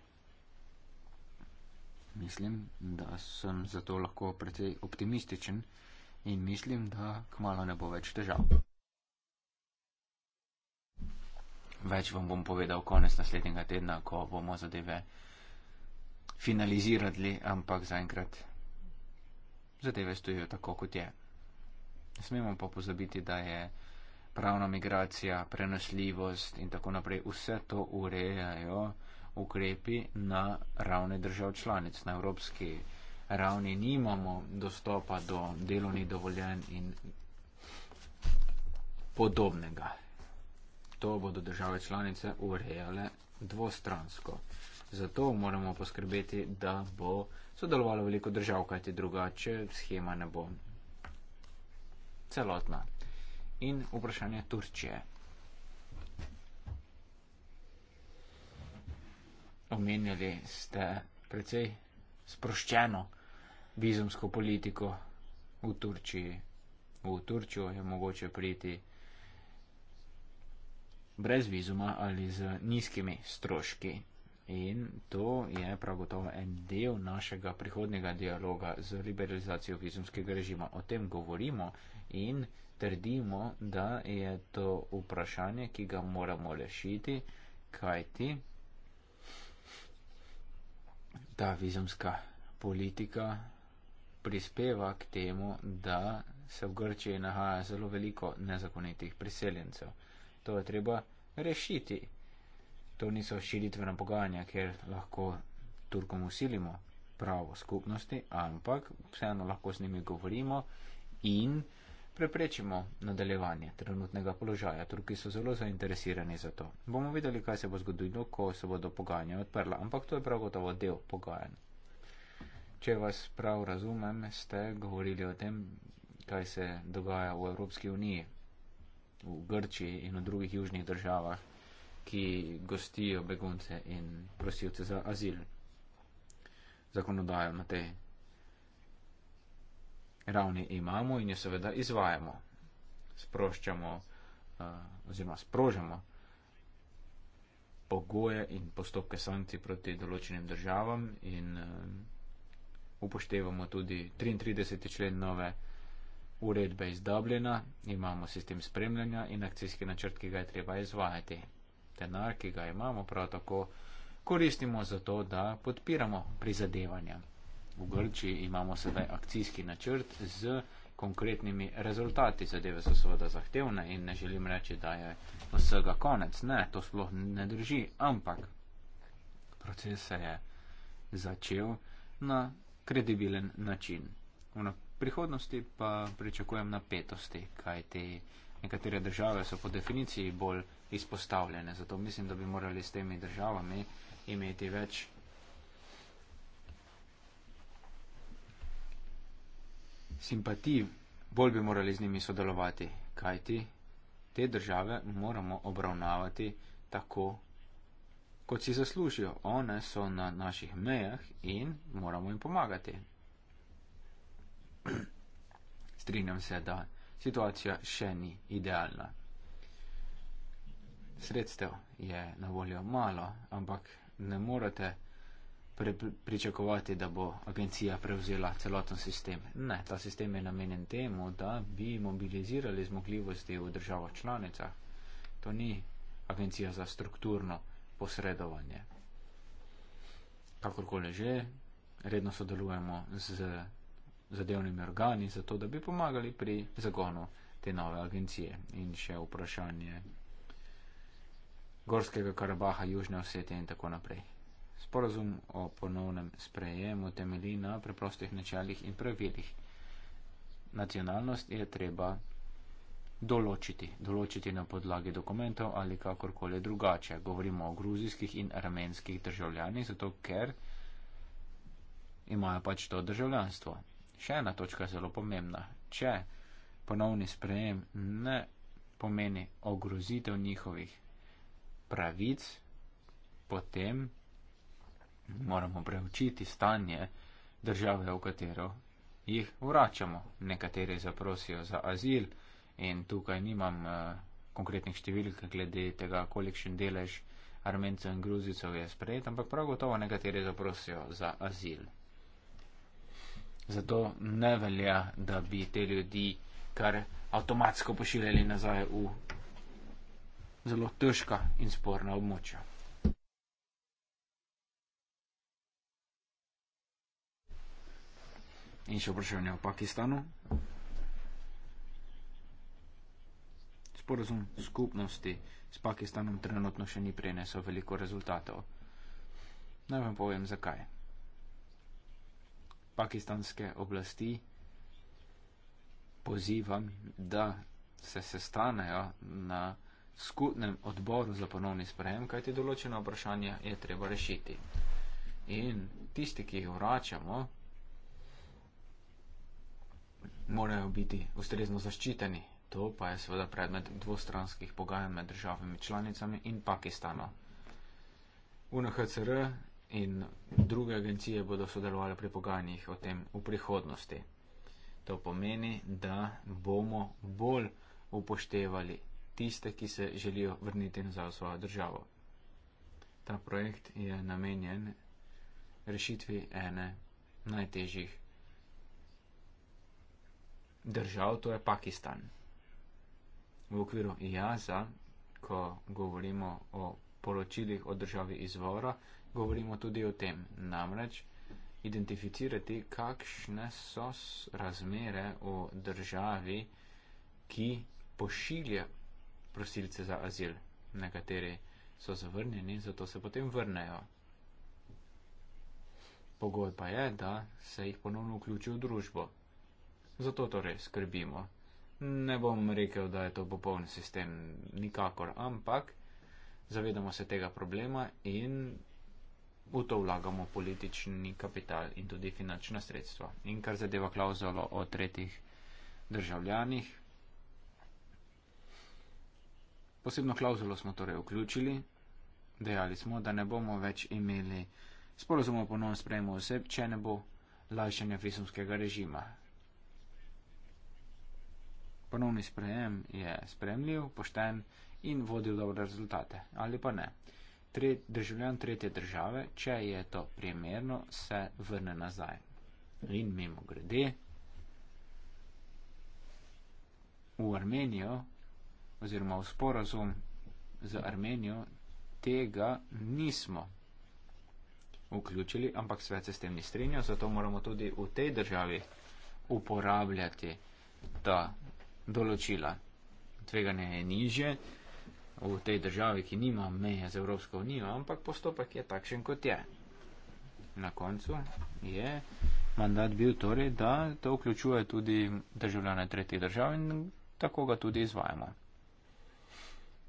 Mislim, da sem zato lahko precej optimističen in mislim, da kmalo ne bo več težav. Več vam bom povedal konec naslednjega tedna, ko bomo zadeve finalizirali, ampak zaenkrat zadeve stojijo tako, kot je. Ne smemo pa pozabiti, da je pravna migracija, prenosljivost in tako naprej, vse to urejajo ukrepi na ravni držav članic. Na evropski ravni nimamo dostopa do delovnih dovoljen in podobnega. To bodo države članice urejale dvostransko. Zato moramo poskrbeti, da bo sodelovalo veliko držav, kajti drugače schema ne bo celotna in vprašanje Turčije. Omenjali ste precej sproščeno vizumsko politiko v Turčiji. V Turčijo je mogoče priti brez vizuma ali z nizkimi stroški. In to je prav gotovo en del našega prihodnega dialoga z liberalizacijo vizumskega režima. O tem govorimo in trdimo, da je to vprašanje, ki ga moramo rešiti, kajti ta vizumska politika prispeva k temu, da se v Grčiji nahaja zelo veliko nezakonitih priseljencev. To je treba rešiti. To niso širitvena pogajanja, ker lahko Turkom usilimo pravo skupnosti, ampak vseeno lahko z njimi govorimo in preprečimo nadaljevanje trenutnega položaja. Turki so zelo zainteresirani za to. Bomo videli, kaj se bo zgodilo, ko se bodo pogajanja odprla, ampak to je prav gotovo del pogajanj. Če vas prav razumem, ste govorili o tem, kaj se dogaja v Evropski uniji, v Grčiji in v drugih južnih državah, ki gostijo begunce in prosilce za azil. Zakonodajo na tej ravni imamo in jo seveda izvajamo. Sproščamo eh, oziroma sprožamo pogoje in postopke sankcij proti določenim državam in eh, upoštevamo tudi 33. člen nove uredbe iz Dublina, imamo sistem spremljanja in akcijski načrt, ki ga je treba izvajati. Denar, ki ga imamo, prav tako koristimo za to, da podpiramo prizadevanja v Grči imamo sedaj akcijski načrt z konkretnimi rezultati. Zadeve so seveda zahtevne in ne želim reči, da je vsega konec. Ne, to sploh ne drži, ampak proces se je začel na kredibilen način. V prihodnosti pa pričakujem napetosti, kaj te nekatere države so po definiciji bolj izpostavljene. Zato mislim, da bi morali s temi državami imeti več simpatij, bolj bi morali z njimi sodelovati, kajti te države moramo obravnavati tako, kot si zaslužijo. One so na naših mejah in moramo jim pomagati. Strinjam se, da situacija še ni idealna. Sredstev je na voljo malo, ampak ne morete pri, pričakovati, da bo agencija prevzela celoten sistem. Ne, ta sistem je namenjen temu, da bi mobilizirali zmogljivosti v državah članicah. To ni agencija za strukturno posredovanje. Kakorkoli že, redno sodelujemo z zadevnimi organi, zato da bi pomagali pri zagonu te nove agencije. In še vprašanje Gorskega Karabaha, Južne Osete in tako naprej. Sporazum o ponovnem sprejemu temelji na preprostih načelih in pravilih. Nacionalnost je treba določiti, določiti na podlagi dokumentov ali kakorkoli drugače. Govorimo o gruzijskih in armenskih državljanih, zato ker imajo pač to državljanstvo. Še ena točka je zelo pomembna. Če ponovni sprejem ne pomeni ogrozitev njihovih pravic, potem Moramo preučiti stanje države, v katero jih vračamo. Nekateri zaprosijo za azil in tukaj nimam uh, konkretnih številk glede tega, kolikšen delež Armencev in Gruzicov je sprejet, ampak prav gotovo nekateri zaprosijo za azil. Zato ne velja, da bi te ljudi kar avtomatsko pošiljali nazaj v zelo težka in sporna območja. In še vprašanje o Pakistanu. Sporazum skupnosti s Pakistanom trenutno še ni prinesel veliko rezultatov. Naj vam povem zakaj. Pakistanske oblasti pozivam, da se sestanejo na skupnem odboru za ponovni sprejem, kajti določeno vprašanje je treba rešiti. In tisti, ki jih vračamo, morajo biti ustrezno zaščiteni. To pa je seveda predmet dvostranskih pogajanj med državami članicami in Pakistanom. UNHCR in druge agencije bodo sodelovali pri pogajanjih o tem v prihodnosti. To pomeni, da bomo bolj upoštevali tiste, ki se želijo vrniti nazaj v svojo državo. Ta projekt je namenjen rešitvi ene najtežjih držav, to je Pakistan. V okviru IAZA, ko govorimo o poročilih o državi izvora, govorimo tudi o tem, namreč identificirati, kakšne so razmere v državi, ki pošilja prosilce za azil. Nekateri so zavrnjeni, zato se potem vrnejo. Pogoj pa je, da se jih ponovno vključi v družbo. Zato torej skrbimo. Ne bom rekel, da je to popoln sistem, nikakor, ampak zavedamo se tega problema in v to vlagamo politični kapital in tudi finančna sredstva. In kar zadeva klauzulo o tretjih državljanih, posebno klauzulo smo torej vključili, dejali smo, da ne bomo več imeli sporozumov o ponovnem sprejemu oseb, če ne bo lajšanja visumskega režima ponovni sprejem je spremljiv, pošten in vodil dobre rezultate, ali pa ne. Tre, državljan tretje države, če je to primerno, se vrne nazaj. In mimo grede, v Armenijo oziroma v sporazum z Armenijo tega nismo vključili, ampak svet se s tem ni strinjal, zato moramo tudi v tej državi uporabljati ta določila. Tveganje je niže v tej državi, ki nima meje z Evropsko unijo, ampak postopek je takšen, kot je. Na koncu je mandat bil torej, da to vključuje tudi državljane tretjih držav in tako ga tudi izvajamo.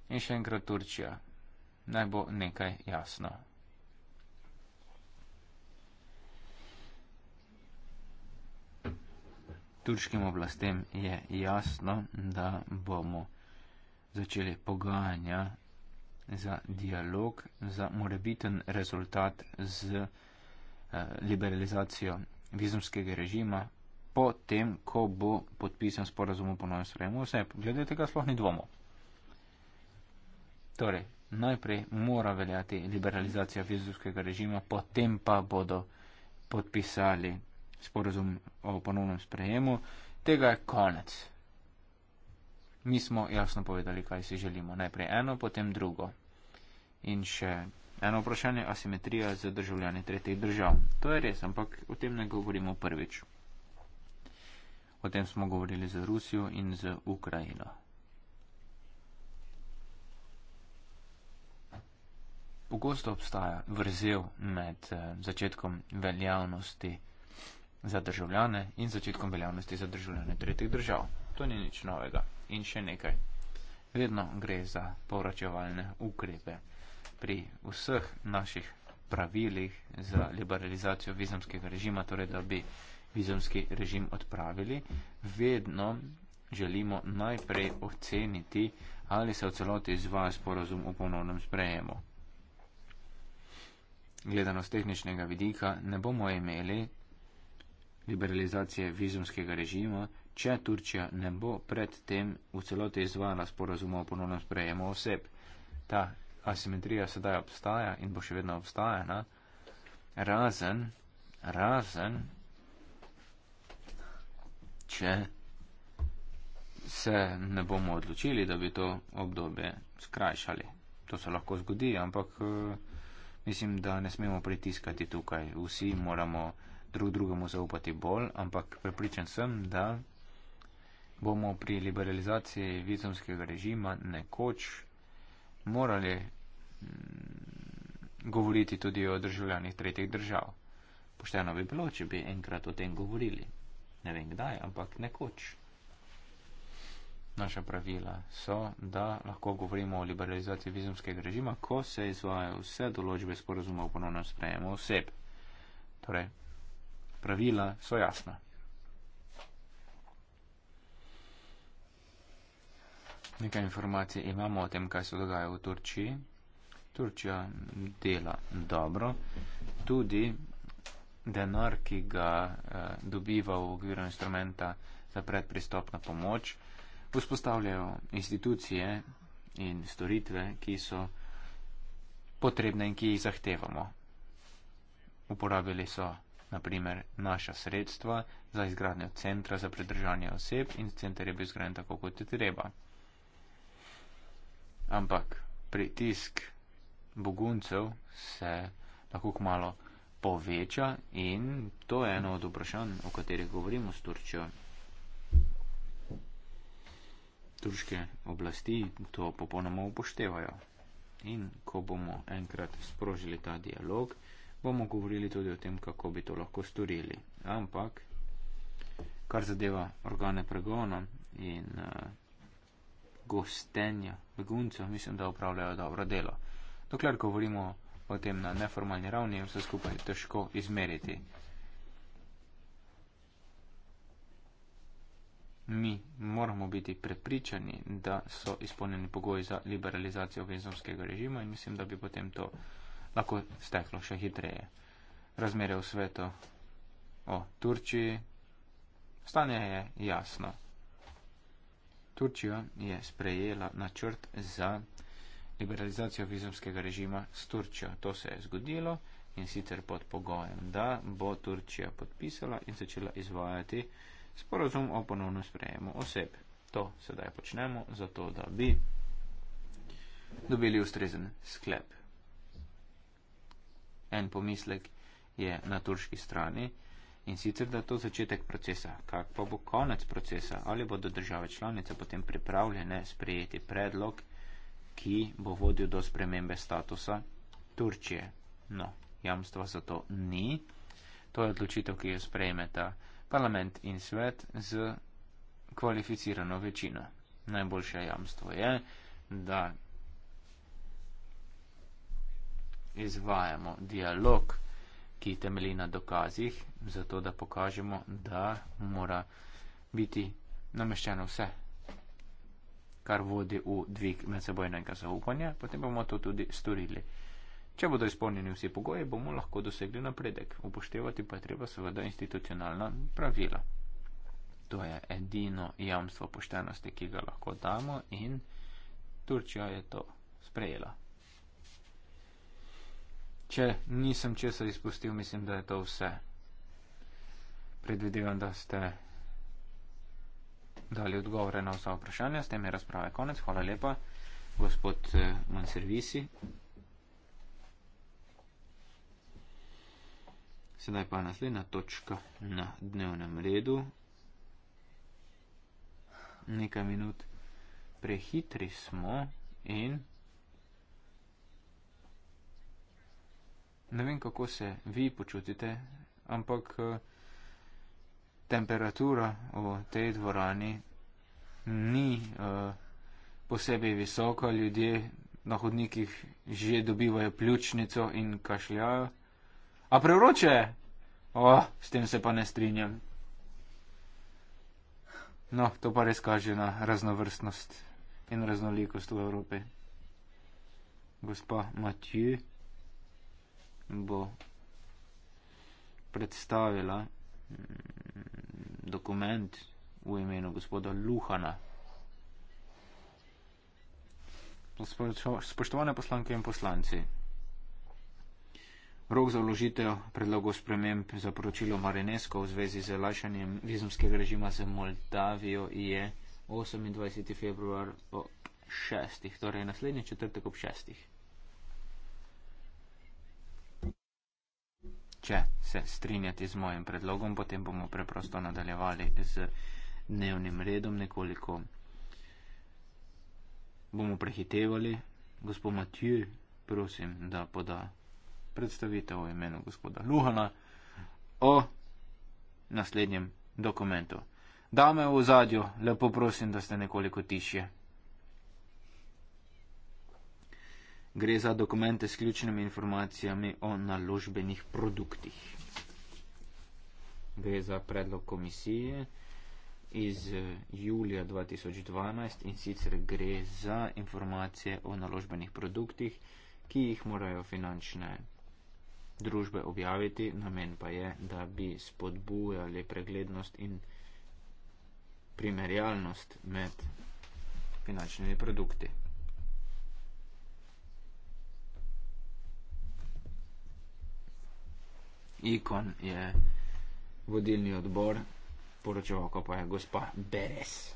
In še enkrat Turčija. Naj bo nekaj jasno. turškim oblastem je jasno, da bomo začeli pogajanja za dialog, za morebiten rezultat z eh, liberalizacijo vizumskega režima, potem, ko bo podpisan sporazum o ponovnem sprejemu vse. Glede tega sploh ni dvomo. Torej, najprej mora veljati liberalizacija vizumskega režima, potem pa bodo podpisali sporozum o ponovnem sprejemu, tega je konec. Mi smo jasno povedali, kaj si želimo. Najprej eno, potem drugo. In še eno vprašanje, asimetrija z državljani tretjih držav. To je res, ampak o tem ne govorimo prvič. O tem smo govorili z Rusijo in z Ukrajino. Pogosto obstaja vrzel med eh, začetkom veljavnosti za državljane in začetkom veljavnosti za državljane tretjih držav. To ni nič novega. In še nekaj. Vedno gre za povračevalne ukrepe. Pri vseh naših pravilih za liberalizacijo vizumskega režima, torej da bi vizumski režim odpravili, vedno želimo najprej oceniti, ali se v celoti izvaja sporozum o ponovnem sprejemu. Gledano z tehničnega vidika ne bomo imeli liberalizacije vizumskega režima, če Turčija ne bo predtem v celoti izvala sporazuma o ponovnem sprejemu oseb. Ta asimetrija sedaj obstaja in bo še vedno obstajala, razen, razen, če se ne bomo odločili, da bi to obdobje skrajšali. To se lahko zgodi, ampak eh, mislim, da ne smemo pritiskati tukaj. Vsi moramo drug drugemu zaupati bolj, ampak prepričan sem, da bomo pri liberalizaciji vizumskega režima nekoč morali mm, govoriti tudi o državljanih tretjih držav. Pošteno bi bilo, če bi enkrat o tem govorili. Ne vem kdaj, ampak nekoč. Naša pravila so, da lahko govorimo o liberalizaciji vizumskega režima, ko se izvajo vse določbe sporozuma o ponovnem sprejemu oseb. Torej, pravila so jasna. Nekaj informacij imamo o tem, kaj se dogaja v Turčiji. Turčija dela dobro. Tudi denar, ki ga eh, dobiva v okviru instrumenta za predpristopno pomoč, vzpostavljajo institucije in storitve, ki so potrebne in ki jih zahtevamo. Uporabili so naprimer naša sredstva za izgradnjo centra za predržanje oseb in center je bil zgrajen tako, kot je treba. Ampak pritisk boguncev se lahko malo poveča in to je eno od vprašanj, o katerih govorimo s Turčjo. Turške oblasti to popolnoma upoštevajo. In ko bomo enkrat sprožili ta dialog, bomo govorili tudi o tem, kako bi to lahko storili. Ampak, kar zadeva organe pregona in uh, gostenja beguncev, mislim, da upravljajo dobro delo. Dokler govorimo o tem na neformalni ravni, je vse skupaj težko izmeriti. Mi moramo biti prepričani, da so izpolnjeni pogoji za liberalizacijo vizumskega režima in mislim, da bi potem to lahko steklo še hitreje. Razmere v svetu o Turčiji. Stanje je jasno. Turčija je sprejela načrt za liberalizacijo vizumskega režima s Turčijo. To se je zgodilo in sicer pod pogojem, da bo Turčija podpisala in začela izvajati sporozum o ponovnem sprejemu oseb. To sedaj počnemo, zato da bi dobili ustrezen sklep en pomislek je na turški strani in sicer, da je to začetek procesa. Kak pa bo konec procesa? Ali bodo države članice potem pripravljene sprejeti predlog, ki bo vodil do spremembe statusa Turčije? No, jamstva za to ni. To je odločitev, ki jo sprejmeta parlament in svet z kvalificirano večino. Najboljše jamstvo je, da izvajamo dialog, ki temelji na dokazih, zato da pokažemo, da mora biti nameščeno vse, kar vodi v dvig medsebojnega zaupanja, potem bomo to tudi storili. Če bodo izpolnjeni vsi pogoji, bomo lahko dosegli napredek. Upoštevati pa je treba seveda institucionalna pravila. To je edino jamstvo poštenosti, ki ga lahko damo in Turčija je to sprejela. Če nisem česa izpustil, mislim, da je to vse. Predvidevam, da ste dali odgovore na vsa vprašanja, s tem je razprave konec. Hvala lepa, gospod eh, Manservisi. Sedaj pa naslednja točka na dnevnem redu. Nekaj minut prehitri smo in. ne vem, kako se vi počutite, ampak eh, temperatura v tej dvorani ni eh, posebej visoka, ljudje na hodnikih že dobivajo pljučnico in kašljajo. A prevroče! O, oh, s tem se pa ne strinjam. No, to pa res kaže na raznovrstnost in raznolikost v Evropi. Gospa Matjuj bo predstavila mm, dokument v imenu gospoda Luhana. Spoštovane poslanke in poslanci, rok za vložitev predlogov sprememb za poročilo Marinesko v zvezi z lajšanjem vizumskega režima z Moldavijo je 28. februar ob 6. torej naslednji četrtek ob 6. če se strinjate z mojim predlogom, potem bomo preprosto nadaljevali z dnevnim redom, nekoliko bomo prehitevali. Gospod Matiju, prosim, da poda predstavitev v imenu gospoda Luhana o naslednjem dokumentu. Dame v zadju, lepo prosim, da ste nekoliko tišje. Gre za dokumente s ključnimi informacijami o naložbenih produktih. Gre za predlog komisije iz eh, julija 2012 in sicer gre za informacije o naložbenih produktih, ki jih morajo finančne družbe objaviti. Namen pa je, da bi spodbujali preglednost in primerjalnost med finančnimi produkti. Ikon je vodilni odbor, poročevalka pa je gospa Beres,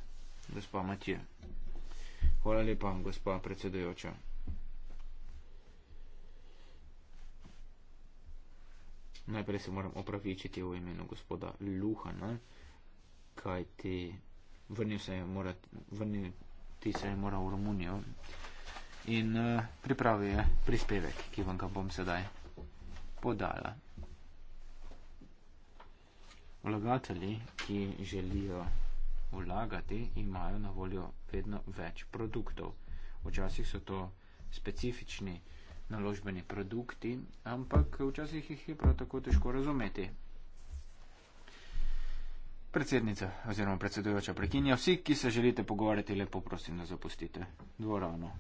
gospa Matija. Hvala lepa, gospa predsedujoča. Najprej se moram opravičiti v imenu gospoda Luhana, kajti vrnil se je, mora, vrnil ti se je moral v Romunijo in uh, pripravil je prispevek, ki vam ga bom sedaj podala. Vlagatelji, ki želijo vlagati, imajo na voljo vedno več produktov. Včasih so to specifični naložbeni produkti, ampak včasih jih je prav tako težko razumeti. Predsednica oziroma predsedujoča prekinja, vsi, ki se želite pogovarjati, lepo prosim, da zapustite dvorano.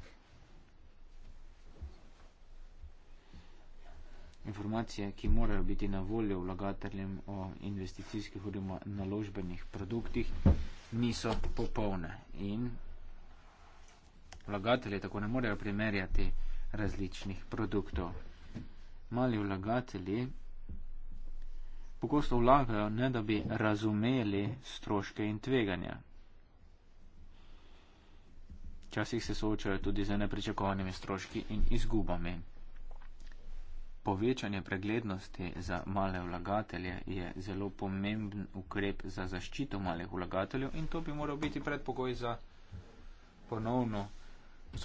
informacije, ki morajo biti na voljo vlagateljem o investicijskih oziroma naložbenih produktih, niso popolne. In vlagatelje tako ne morejo primerjati različnih produktov. Mali vlagatelji pogosto vlagajo, ne da bi razumeli stroške in tveganja. Včasih se soočajo tudi z nepričakovanimi stroški in izgubami. Povečanje preglednosti za male vlagatelje je zelo pomemben ukrep za zaščito malih vlagateljev in to bi moral biti predpogoj za ponovno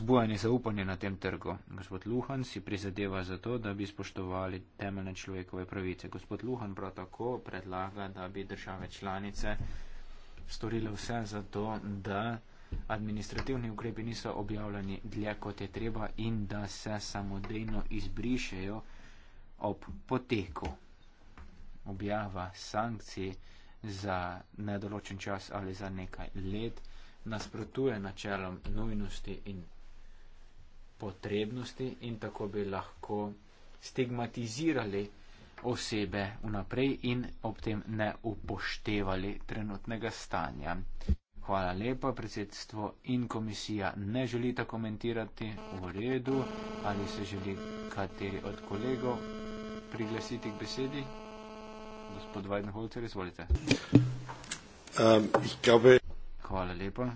zbujanje zaupanja na tem trgu. Gospod Luhan si prizadeva za to, da bi spoštovali temeljne človekove pravice. Gospod Luhan prav tako predlaga, da bi države članice storile vse za to, da administrativni ukrepi niso objavljeni dlje kot je treba in da se samodejno izbrišejo ob poteku objava sankcij za nedoločen čas ali za nekaj let nasprotuje načelom nujnosti in potrebnosti in tako bi lahko stigmatizirali osebe vnaprej in ob tem ne upoštevali trenutnega stanja. Hvala lepa, predsedstvo in komisija ne želita komentirati v redu, ali se želi kateri od kolegov priglasiti k besedi. Gospod Weidenholzer, izvolite. Um, Hvala lepa.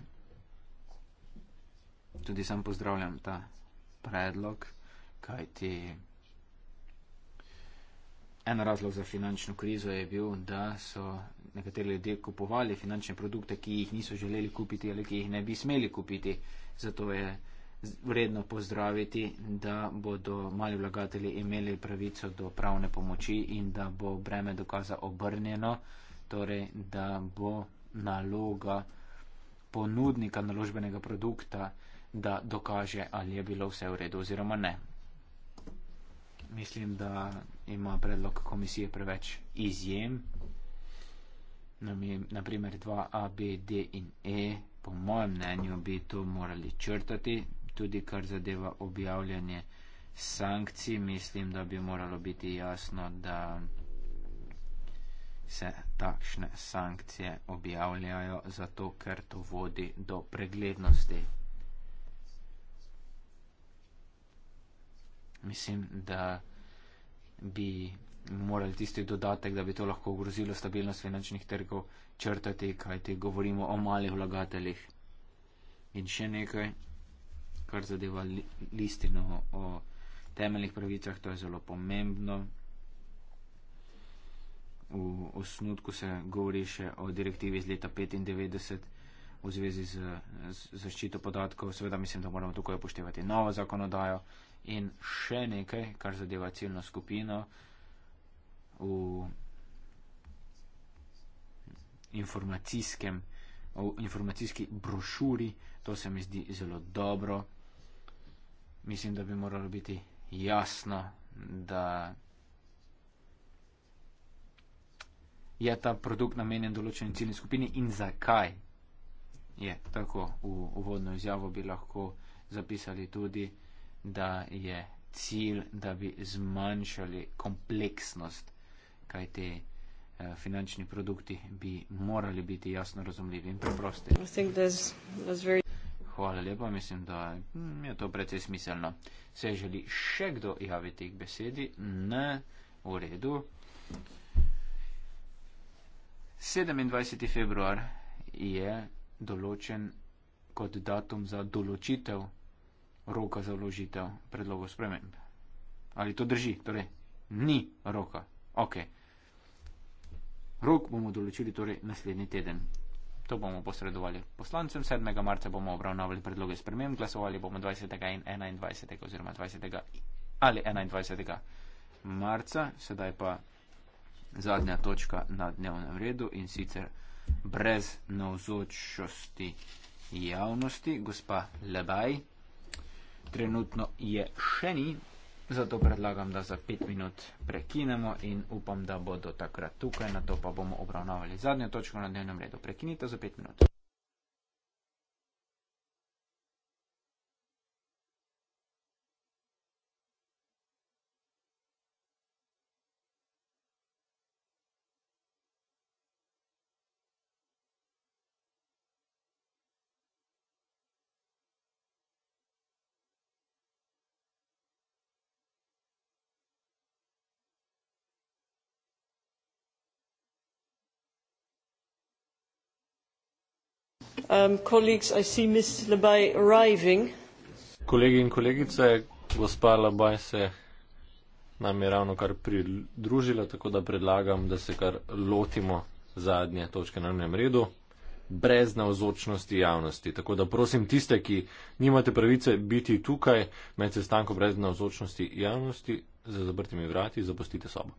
Tudi sam pozdravljam ta predlog, kajti En razlog za finančno krizo je bil, da so nekateri ljudje kupovali finančne produkte, ki jih niso želeli kupiti ali ki jih ne bi smeli kupiti. Zato je vredno pozdraviti, da bodo mali vlagatelji imeli pravico do pravne pomoči in da bo breme dokaza obrnjeno, torej da bo naloga ponudnika naložbenega produkta, da dokaže, ali je bilo vse v redu oziroma ne mislim, da ima predlog komisije preveč izjem. Naprimer 2A, B, D in E. Po mojem mnenju bi to morali črtati, tudi kar zadeva objavljanje sankcij. Mislim, da bi moralo biti jasno, da se takšne sankcije objavljajo, zato ker to vodi do preglednosti mislim, da bi morali tisti dodatek, da bi to lahko ogrozilo stabilnost finančnih trgov, črtati, kajti govorimo o malih vlagateljih. In še nekaj, kar zadeva listino o temeljnih pravicah, to je zelo pomembno. V osnutku se govori še o direktivi iz leta 95 v zvezi z, z zaščito podatkov. Seveda mislim, da moramo tukaj upoštevati novo zakonodajo, In še nekaj, kar zadeva ciljno skupino v informacijskem, v informacijski brošuri, to se mi zdi zelo dobro. Mislim, da bi moralo biti jasno, da je ta produkt namenjen določeni ciljni skupini in zakaj je tako. V uvodno izjavo bi lahko zapisali tudi, da je cilj, da bi zmanjšali kompleksnost, kaj te eh, finančni produkti bi morali biti jasno razumljivi in preprosti. Hvala lepa, mislim, da hm, je to precej smiselno. Se želi še kdo javiti k besedi? Ne, v redu. 27. februar je določen kot datum za določitev roka za vložitev predlogov sprememb. Ali to drži? Torej, ni roka. Ok. Rok bomo določili torej naslednji teden. To bomo posredovali poslancem. 7. marca bomo obravnavali predloge sprememb, glasovali bomo 20. in 21. oziroma 20. ali 21. marca. Sedaj pa zadnja točka na dnevnem redu in sicer brez navzočosti javnosti, gospa Lebaj trenutno je še ni, zato predlagam, da za pet minut prekinemo in upam, da bodo takrat tukaj, na to pa bomo obravnavali zadnjo točko na dnevnem redu. Prekinite za pet minut. Um, Kolegi in kolegice, gospa Labaj se nam je ravno kar pridružila, tako da predlagam, da se kar lotimo zadnje točke na dnevnem redu, brez navzočnosti javnosti. Tako da prosim tiste, ki nimate pravice biti tukaj med sestankom brez navzočnosti javnosti, za zaprtimi vrati zapustite sobo.